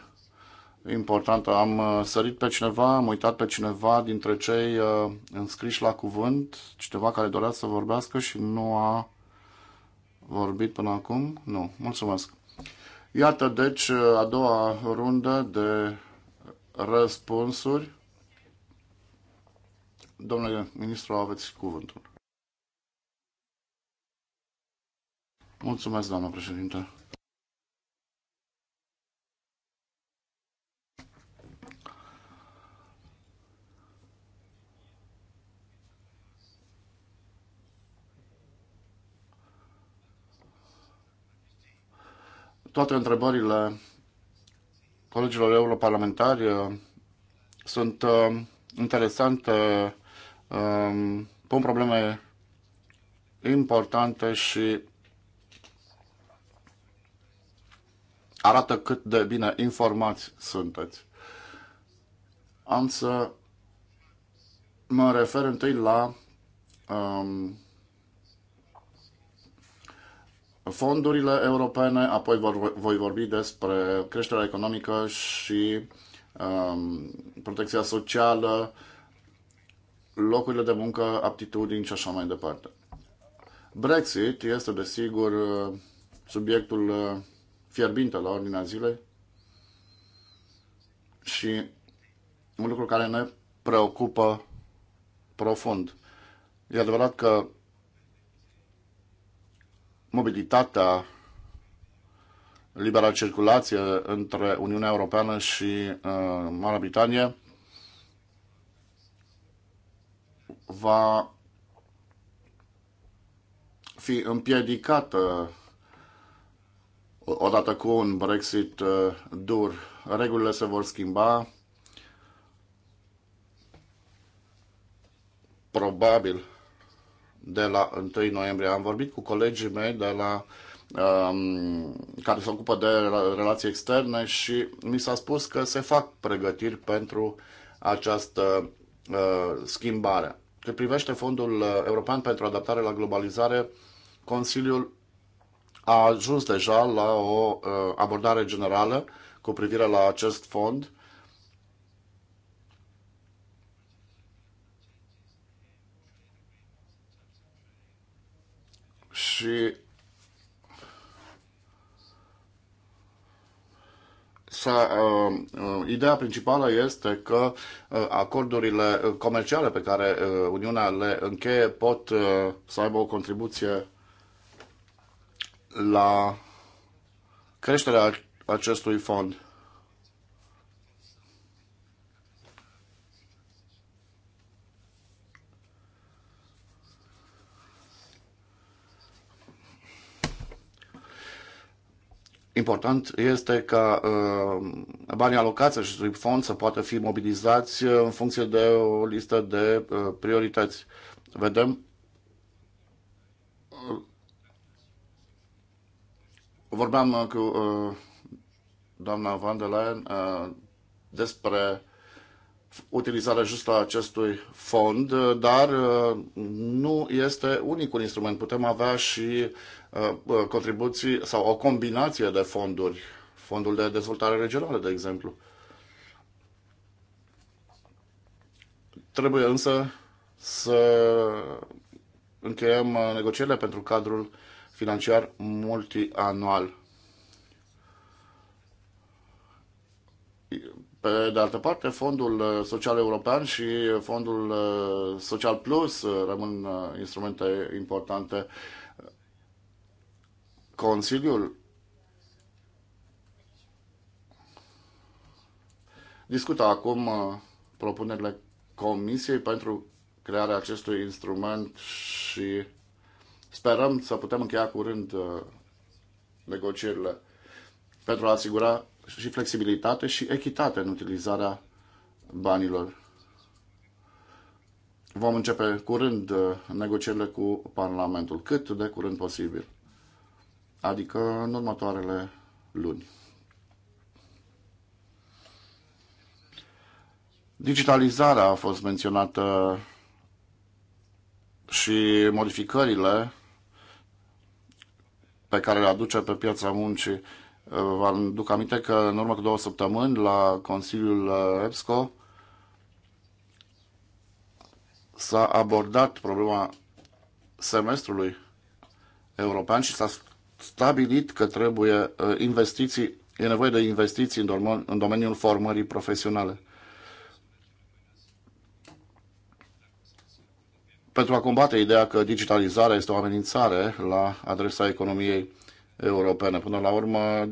importantă. Am uh, sărit pe cineva, am uitat pe cineva dintre cei uh, înscriși la cuvânt, cineva care dorea să vorbească și nu a vorbit până acum? Nu. Mulțumesc. Iată, deci, uh, a doua rundă de răspunsuri. Domnule ministru, aveți cuvântul. Mulțumesc, doamnă președinte. Toate întrebările colegilor europarlamentari uh, sunt uh, interesante, uh, pun probleme importante și arată cât de bine informați sunteți. Am să mă refer întâi la um, fondurile europene, apoi vor, voi vorbi despre creșterea economică și um, protecția socială, locurile de muncă, aptitudini și așa mai departe. Brexit este, desigur, subiectul fierbinte la ordinea zilei și un lucru care ne preocupă profund. E adevărat că mobilitatea, libera circulație între Uniunea Europeană și uh, Marea Britanie va fi împiedicată odată cu un Brexit uh, dur. Regulile se vor schimba probabil de la 1 noiembrie. Am vorbit cu colegii mei de la um, care se ocupă de relații externe și mi s-a spus că se fac pregătiri pentru această uh, schimbare. Ce privește Fondul uh, European pentru Adaptare la Globalizare, Consiliul a ajuns deja la o uh, abordare generală cu privire la acest fond și să, uh, uh, ideea principală este că uh, acordurile uh, comerciale pe care uh, Uniunea le încheie pot uh, să aibă o contribuție la creșterea acestui fond. Important este ca uh, banii alocați acestui fond să poată fi mobilizați uh, în funcție de o listă de uh, priorități. Vedem uh, vorbeam uh, cu uh, doamna Van der Leyen uh, despre utilizarea justă a acestui fond, dar uh, nu este unicul instrument. Putem avea și Uh, uh, contribuții sau o combinație de fonduri, fondul de dezvoltare regională, de exemplu. Trebuie însă să încheiem uh, negocierile pentru cadrul financiar multianual. Pe de altă parte, Fondul Social European și Fondul Social Plus rămân instrumente importante Consiliul discută acum uh, propunerile Comisiei pentru crearea acestui instrument și sperăm să putem încheia curând uh, negocierile pentru a asigura și flexibilitate și echitate în utilizarea banilor. Vom începe curând uh, negocierile cu Parlamentul, cât de curând posibil adică în următoarele luni. Digitalizarea a fost menționată și modificările pe care le aduce pe piața muncii. Vă duc aminte că în urmă cu două săptămâni la Consiliul EBSCO s-a abordat problema semestrului european și s-a stabilit că trebuie uh, investiții, e nevoie de investiții în, domeniul formării profesionale. Pentru a combate ideea că digitalizarea este o amenințare la adresa economiei europene. Până la urmă,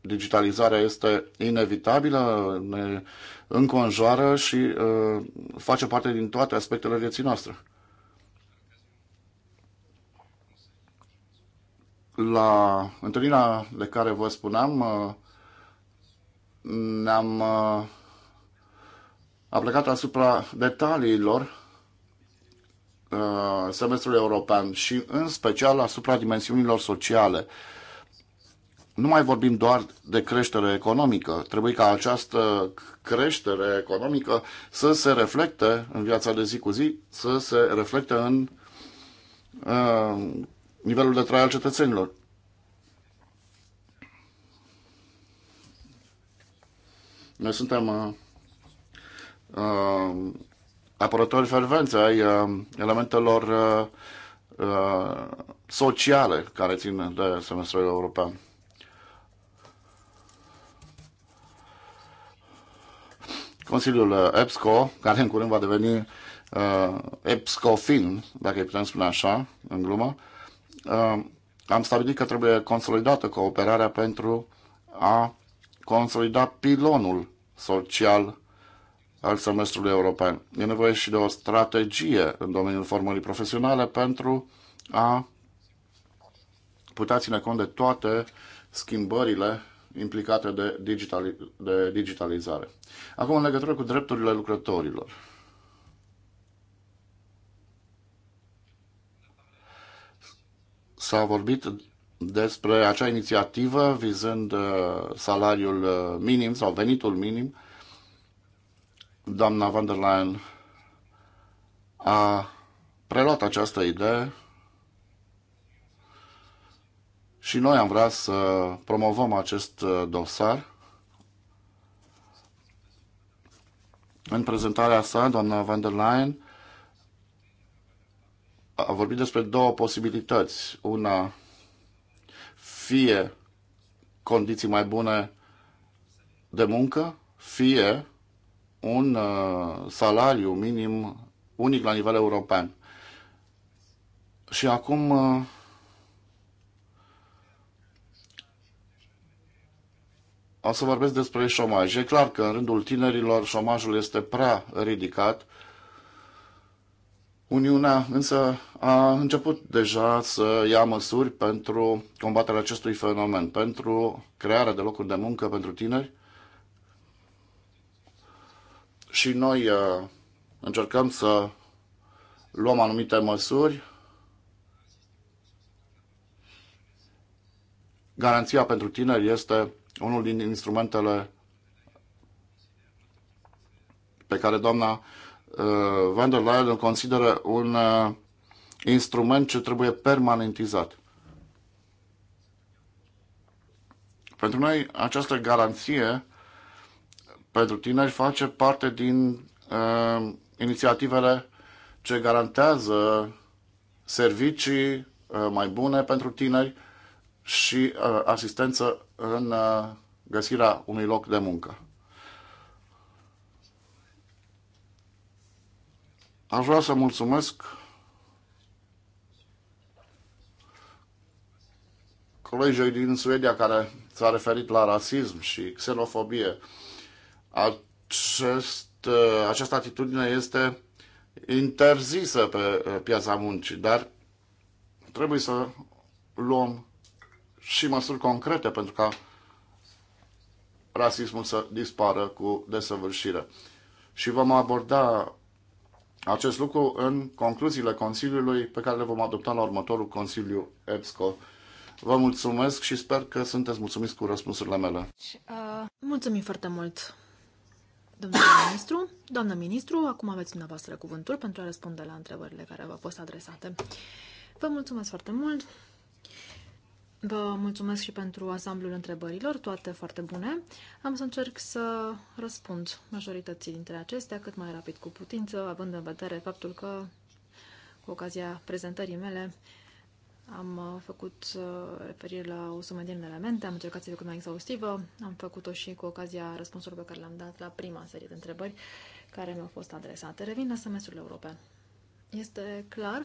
digitalizarea este inevitabilă, ne înconjoară și uh, face parte din toate aspectele vieții noastre. La întâlnirea de care vă spuneam, uh, ne-am uh, aplicat asupra detaliilor uh, semestrului european și în special asupra dimensiunilor sociale. Nu mai vorbim doar de creștere economică. Trebuie ca această creștere economică să se reflecte în viața de zi cu zi, să se reflecte în nivelul de trai al cetățenilor. Noi suntem uh, uh, apărători fervenți ai uh, elementelor uh, uh, sociale care țin de semestrul european. Consiliul uh, EPSCO, care în curând va deveni uh, EPSCOFIN, dacă îi putem spune așa, în glumă, uh, Um, am stabilit că trebuie consolidată cooperarea pentru a consolida pilonul social al semestrului european. E nevoie și de o strategie în domeniul formării profesionale pentru a putea ține cont de toate schimbările implicate de, digitali- de digitalizare. Acum, în legătură cu drepturile lucrătorilor. S-a vorbit despre acea inițiativă vizând uh, salariul uh, minim sau venitul minim. Doamna van der Leyen a preluat această idee și noi am vrea să promovăm acest uh, dosar. În prezentarea sa, doamna van der Leyen a vorbit despre două posibilități. Una, fie condiții mai bune de muncă, fie un uh, salariu minim unic la nivel european. Și acum uh, o să vorbesc despre șomaj. E clar că în rândul tinerilor șomajul este prea ridicat Uniunea însă a început deja să ia măsuri pentru combaterea acestui fenomen, pentru crearea de locuri de muncă pentru tineri. Și noi uh, încercăm să luăm anumite măsuri. Garanția pentru tineri este unul din instrumentele pe care doamna Uh, van der Leyen îl consideră un uh, instrument ce trebuie permanentizat. Pentru noi, această garanție pentru tineri face parte din uh, inițiativele ce garantează servicii uh, mai bune pentru tineri și uh, asistență în uh, găsirea unui loc de muncă. Aș vrea să mulțumesc colegii din Suedia care s-a referit la rasism și xenofobie. Acest, uh, această atitudine este interzisă pe uh, piața muncii, dar trebuie să luăm și măsuri concrete pentru ca rasismul să dispară cu desăvârșire. Și vom aborda acest lucru în concluziile Consiliului pe care le vom adopta la următorul Consiliu EBSCO. Vă mulțumesc și sper că sunteți mulțumiți cu răspunsurile mele. Uh, mulțumim foarte mult, domnule ministru. Doamnă ministru, acum aveți dumneavoastră cuvântul pentru a răspunde la întrebările care v-au fost adresate. Vă mulțumesc foarte mult. Vă mulțumesc și pentru ansamblul întrebărilor, toate foarte bune. Am să încerc să răspund majorității dintre acestea cât mai rapid cu putință, având în vedere faptul că, cu ocazia prezentării mele, am uh, făcut uh, referire la o sumă din elemente, am încercat să fiu cât mai exhaustivă, am făcut-o și cu ocazia răspunsurilor pe care le am dat la prima serie de întrebări care mi-au fost adresate. Revin la semestrul european. Este clar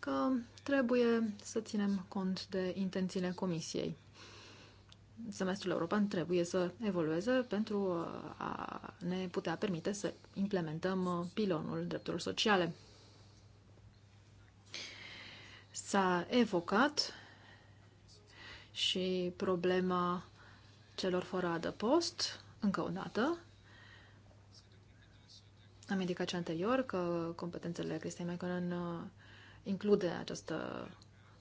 că trebuie să ținem cont de intențiile Comisiei. Semestrul european trebuie să evolueze pentru a ne putea permite să implementăm pilonul drepturilor sociale. S-a evocat și problema celor fără adăpost, încă o dată. Am indicat și anterior că competențele Cristian Meconen include această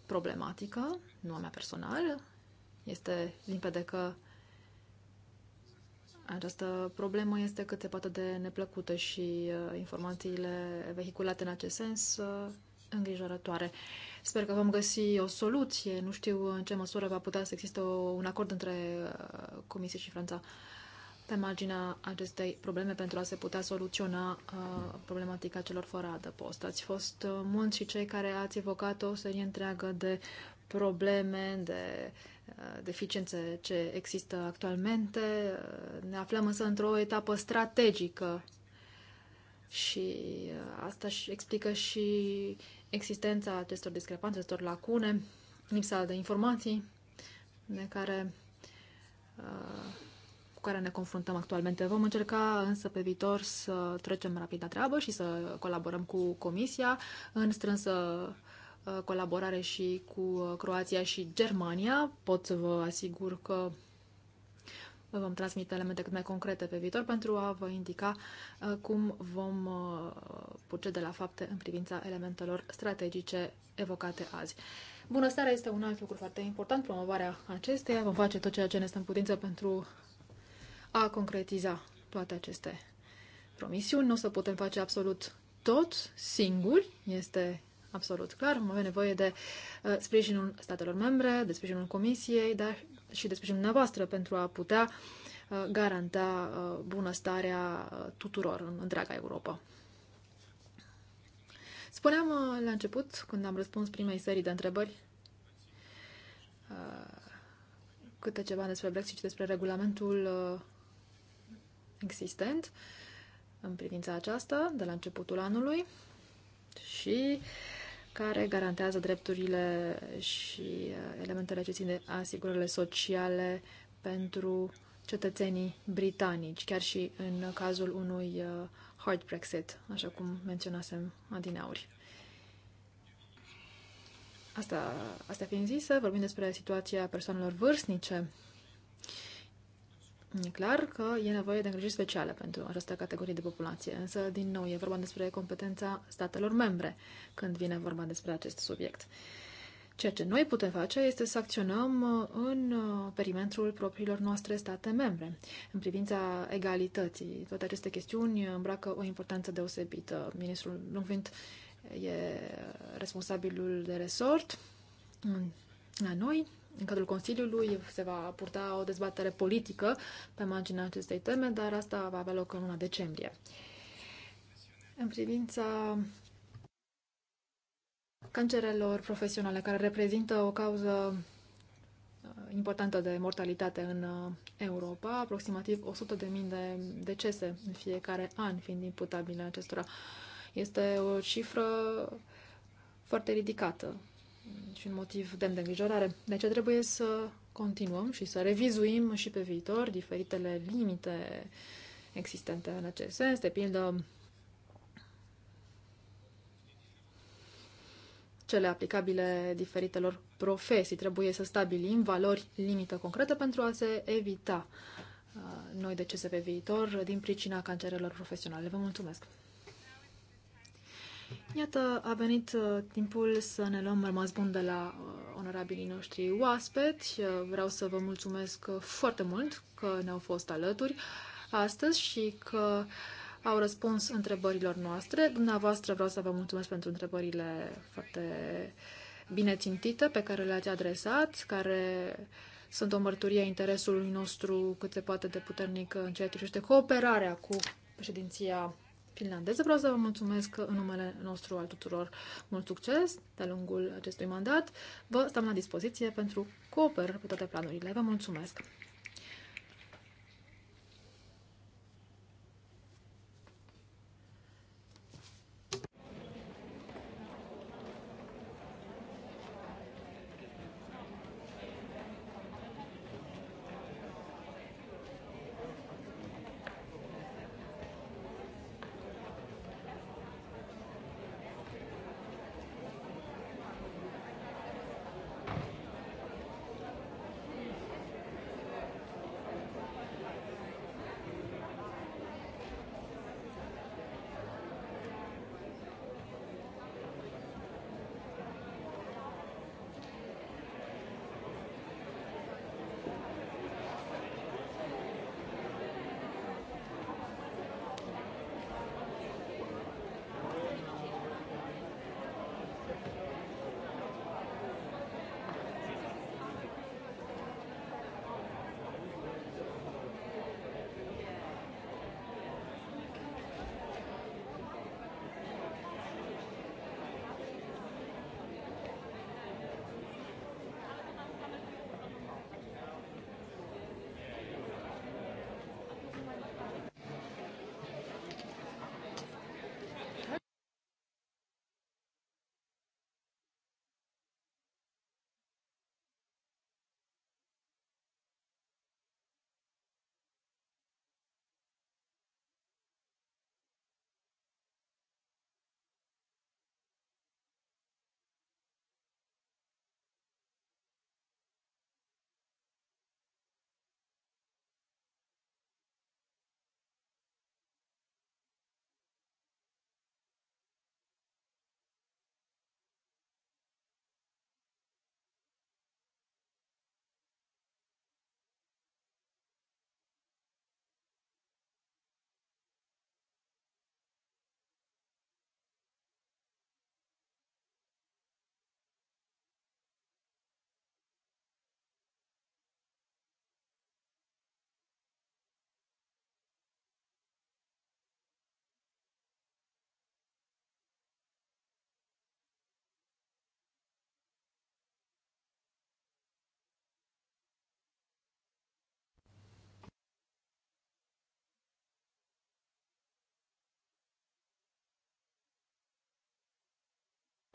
problematică, nu a mea personal. Este limpede că această problemă este cât se poate de neplăcută și uh, informațiile vehiculate în acest sens uh, îngrijorătoare. Sper că vom găsi o soluție. Nu știu în ce măsură va putea să existe un acord între uh, Comisie și Franța pe marginea acestei probleme pentru a se putea soluționa uh, problematica celor fără adăpost. Ați fost uh, mulți și cei care ați evocat o serie întreagă de probleme, de uh, deficiențe ce există actualmente. Uh, ne aflăm însă într-o etapă strategică și uh, asta și explică și existența acestor discrepanțe, acestor lacune, lipsa de informații de care uh, care ne confruntăm actualmente. Vom încerca însă pe viitor să trecem rapid la treabă și să colaborăm cu Comisia în strânsă uh, colaborare și cu uh, Croația și Germania. Pot să vă asigur că vă vom transmite elemente cât mai concrete pe viitor pentru a vă indica uh, cum vom procede la fapte în privința elementelor strategice evocate azi. Bunăstarea este un alt lucru foarte important, promovarea acesteia. Vom face tot ceea ce ne stă în putință pentru a concretiza toate aceste promisiuni. Nu o să putem face absolut tot singuri, este absolut clar. Avem nevoie de uh, sprijinul statelor membre, de sprijinul Comisiei, dar și de sprijinul dumneavoastră pentru a putea uh, garanta uh, bunăstarea uh, tuturor în întreaga Europa. Spuneam uh, la început, când am răspuns primei serii de întrebări, uh, câte ceva despre Brexit și despre regulamentul existent în privința aceasta de la începutul anului și care garantează drepturile și uh, elementele ce țin de asigurările sociale pentru cetățenii britanici, chiar și în cazul unui uh, hard Brexit, așa cum menționasem adineauri. Asta, asta fiind zisă, vorbim despre situația persoanelor vârstnice E clar că e nevoie de îngrijiri speciale pentru această categorie de populație, însă, din nou, e vorba despre competența statelor membre când vine vorba despre acest subiect. Ceea ce noi putem face este să acționăm uh, în uh, perimetrul propriilor noastre state membre. În privința egalității, toate aceste chestiuni îmbracă o importanță deosebită. Ministrul lungvint e uh, responsabilul de resort mm, la noi în cadrul Consiliului se va purta o dezbatere politică pe marginea acestei teme, dar asta va avea loc în luna decembrie. În privința cancerelor profesionale, care reprezintă o cauză uh, importantă de mortalitate în uh, Europa, aproximativ 100.000 de decese în fiecare an fiind imputabile acestora. Este o cifră foarte ridicată și un motiv demn de îngrijorare. Deci trebuie să continuăm și să revizuim și pe viitor diferitele limite existente în acest sens, de pildă cele aplicabile diferitelor profesii. Trebuie să stabilim valori limită concrete pentru a se evita uh, noi decese pe viitor din pricina cancerelor profesionale. Vă mulțumesc! Iată, a venit uh, timpul să ne luăm rămas bun de la uh, onorabilii noștri oaspeți. Uh, vreau să vă mulțumesc foarte mult că ne-au fost alături astăzi și că au răspuns întrebărilor noastre. Dumneavoastră vreau să vă mulțumesc pentru întrebările foarte bine țintite pe care le-ați adresat, care sunt o mărturie a interesului nostru cât se poate de puternic în ceea ce privește cooperarea cu președinția finlandeză. Vreau să vă mulțumesc în numele nostru al tuturor mult succes de-a lungul acestui mandat. Vă stăm la dispoziție pentru cooperare pe toate planurile. Vă mulțumesc!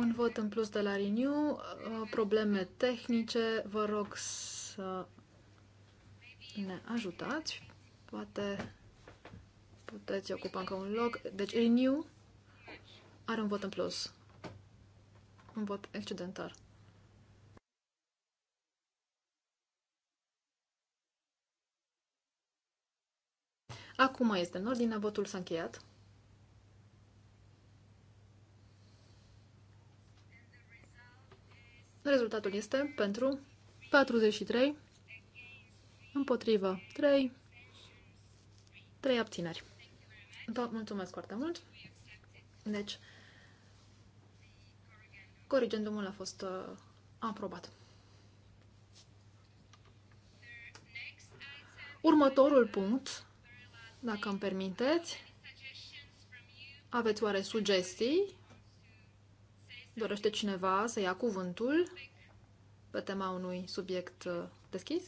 Un vot în plus de la Renew, uh, probleme tehnice, vă rog să ne ajutați. Poate puteți ocupa încă un loc. Deci Renew are un vot în plus. Un vot excedentar. Acum este în ordine, votul s-a încheiat. Rezultatul este pentru 43 împotrivă 3 3 abțineri. Vă mulțumesc foarte mult. Deci, corigendumul a fost uh, aprobat. Următorul punct, dacă îmi permiteți, aveți oare sugestii Dorește cineva să ia cuvântul pe tema unui subiect uh, deschis?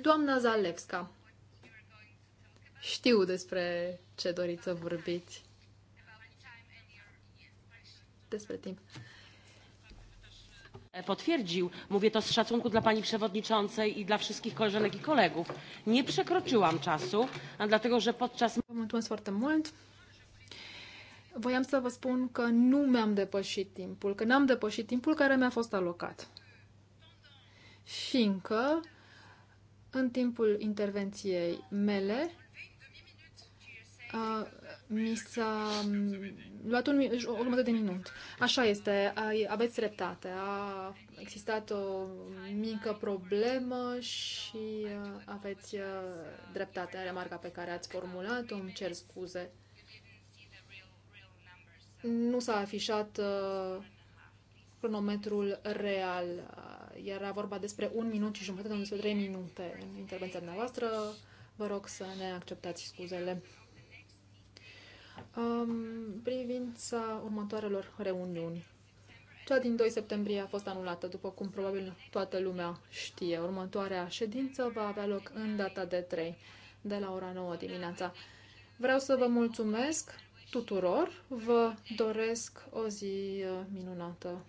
Doamna Zalewska, știu despre ce doriți să vorbiți. Despre timp. Potwierdził, mówię to z szacunku dla pani przewodniczącej i dla wszystkich koleżanek i kolegów. Nie przekroczyłam czasu, a dlatego że podczas. Mulțumesc foarte mult voiam să vă spun că nu mi-am depășit timpul, că n-am depășit timpul care mi-a fost alocat. Fiindcă, în timpul intervenției mele, uh, mi s-a luat un, o jumătate de minut. Așa este, aveți dreptate. A existat o mică problemă și uh, aveți uh, dreptate. Remarca pe care ați formulat-o, îmi cer scuze nu s-a afișat uh, cronometrul real. Era vorba despre un minut și jumătate, nu despre trei minute în intervenția dumneavoastră. Vă rog să ne acceptați scuzele. Um, privința următoarelor reuniuni. Cea din 2 septembrie a fost anulată, după cum probabil toată lumea știe. Următoarea ședință va avea loc în data de 3, de la ora 9 dimineața. Vreau să vă mulțumesc tuturor. Vă doresc o zi uh, minunată.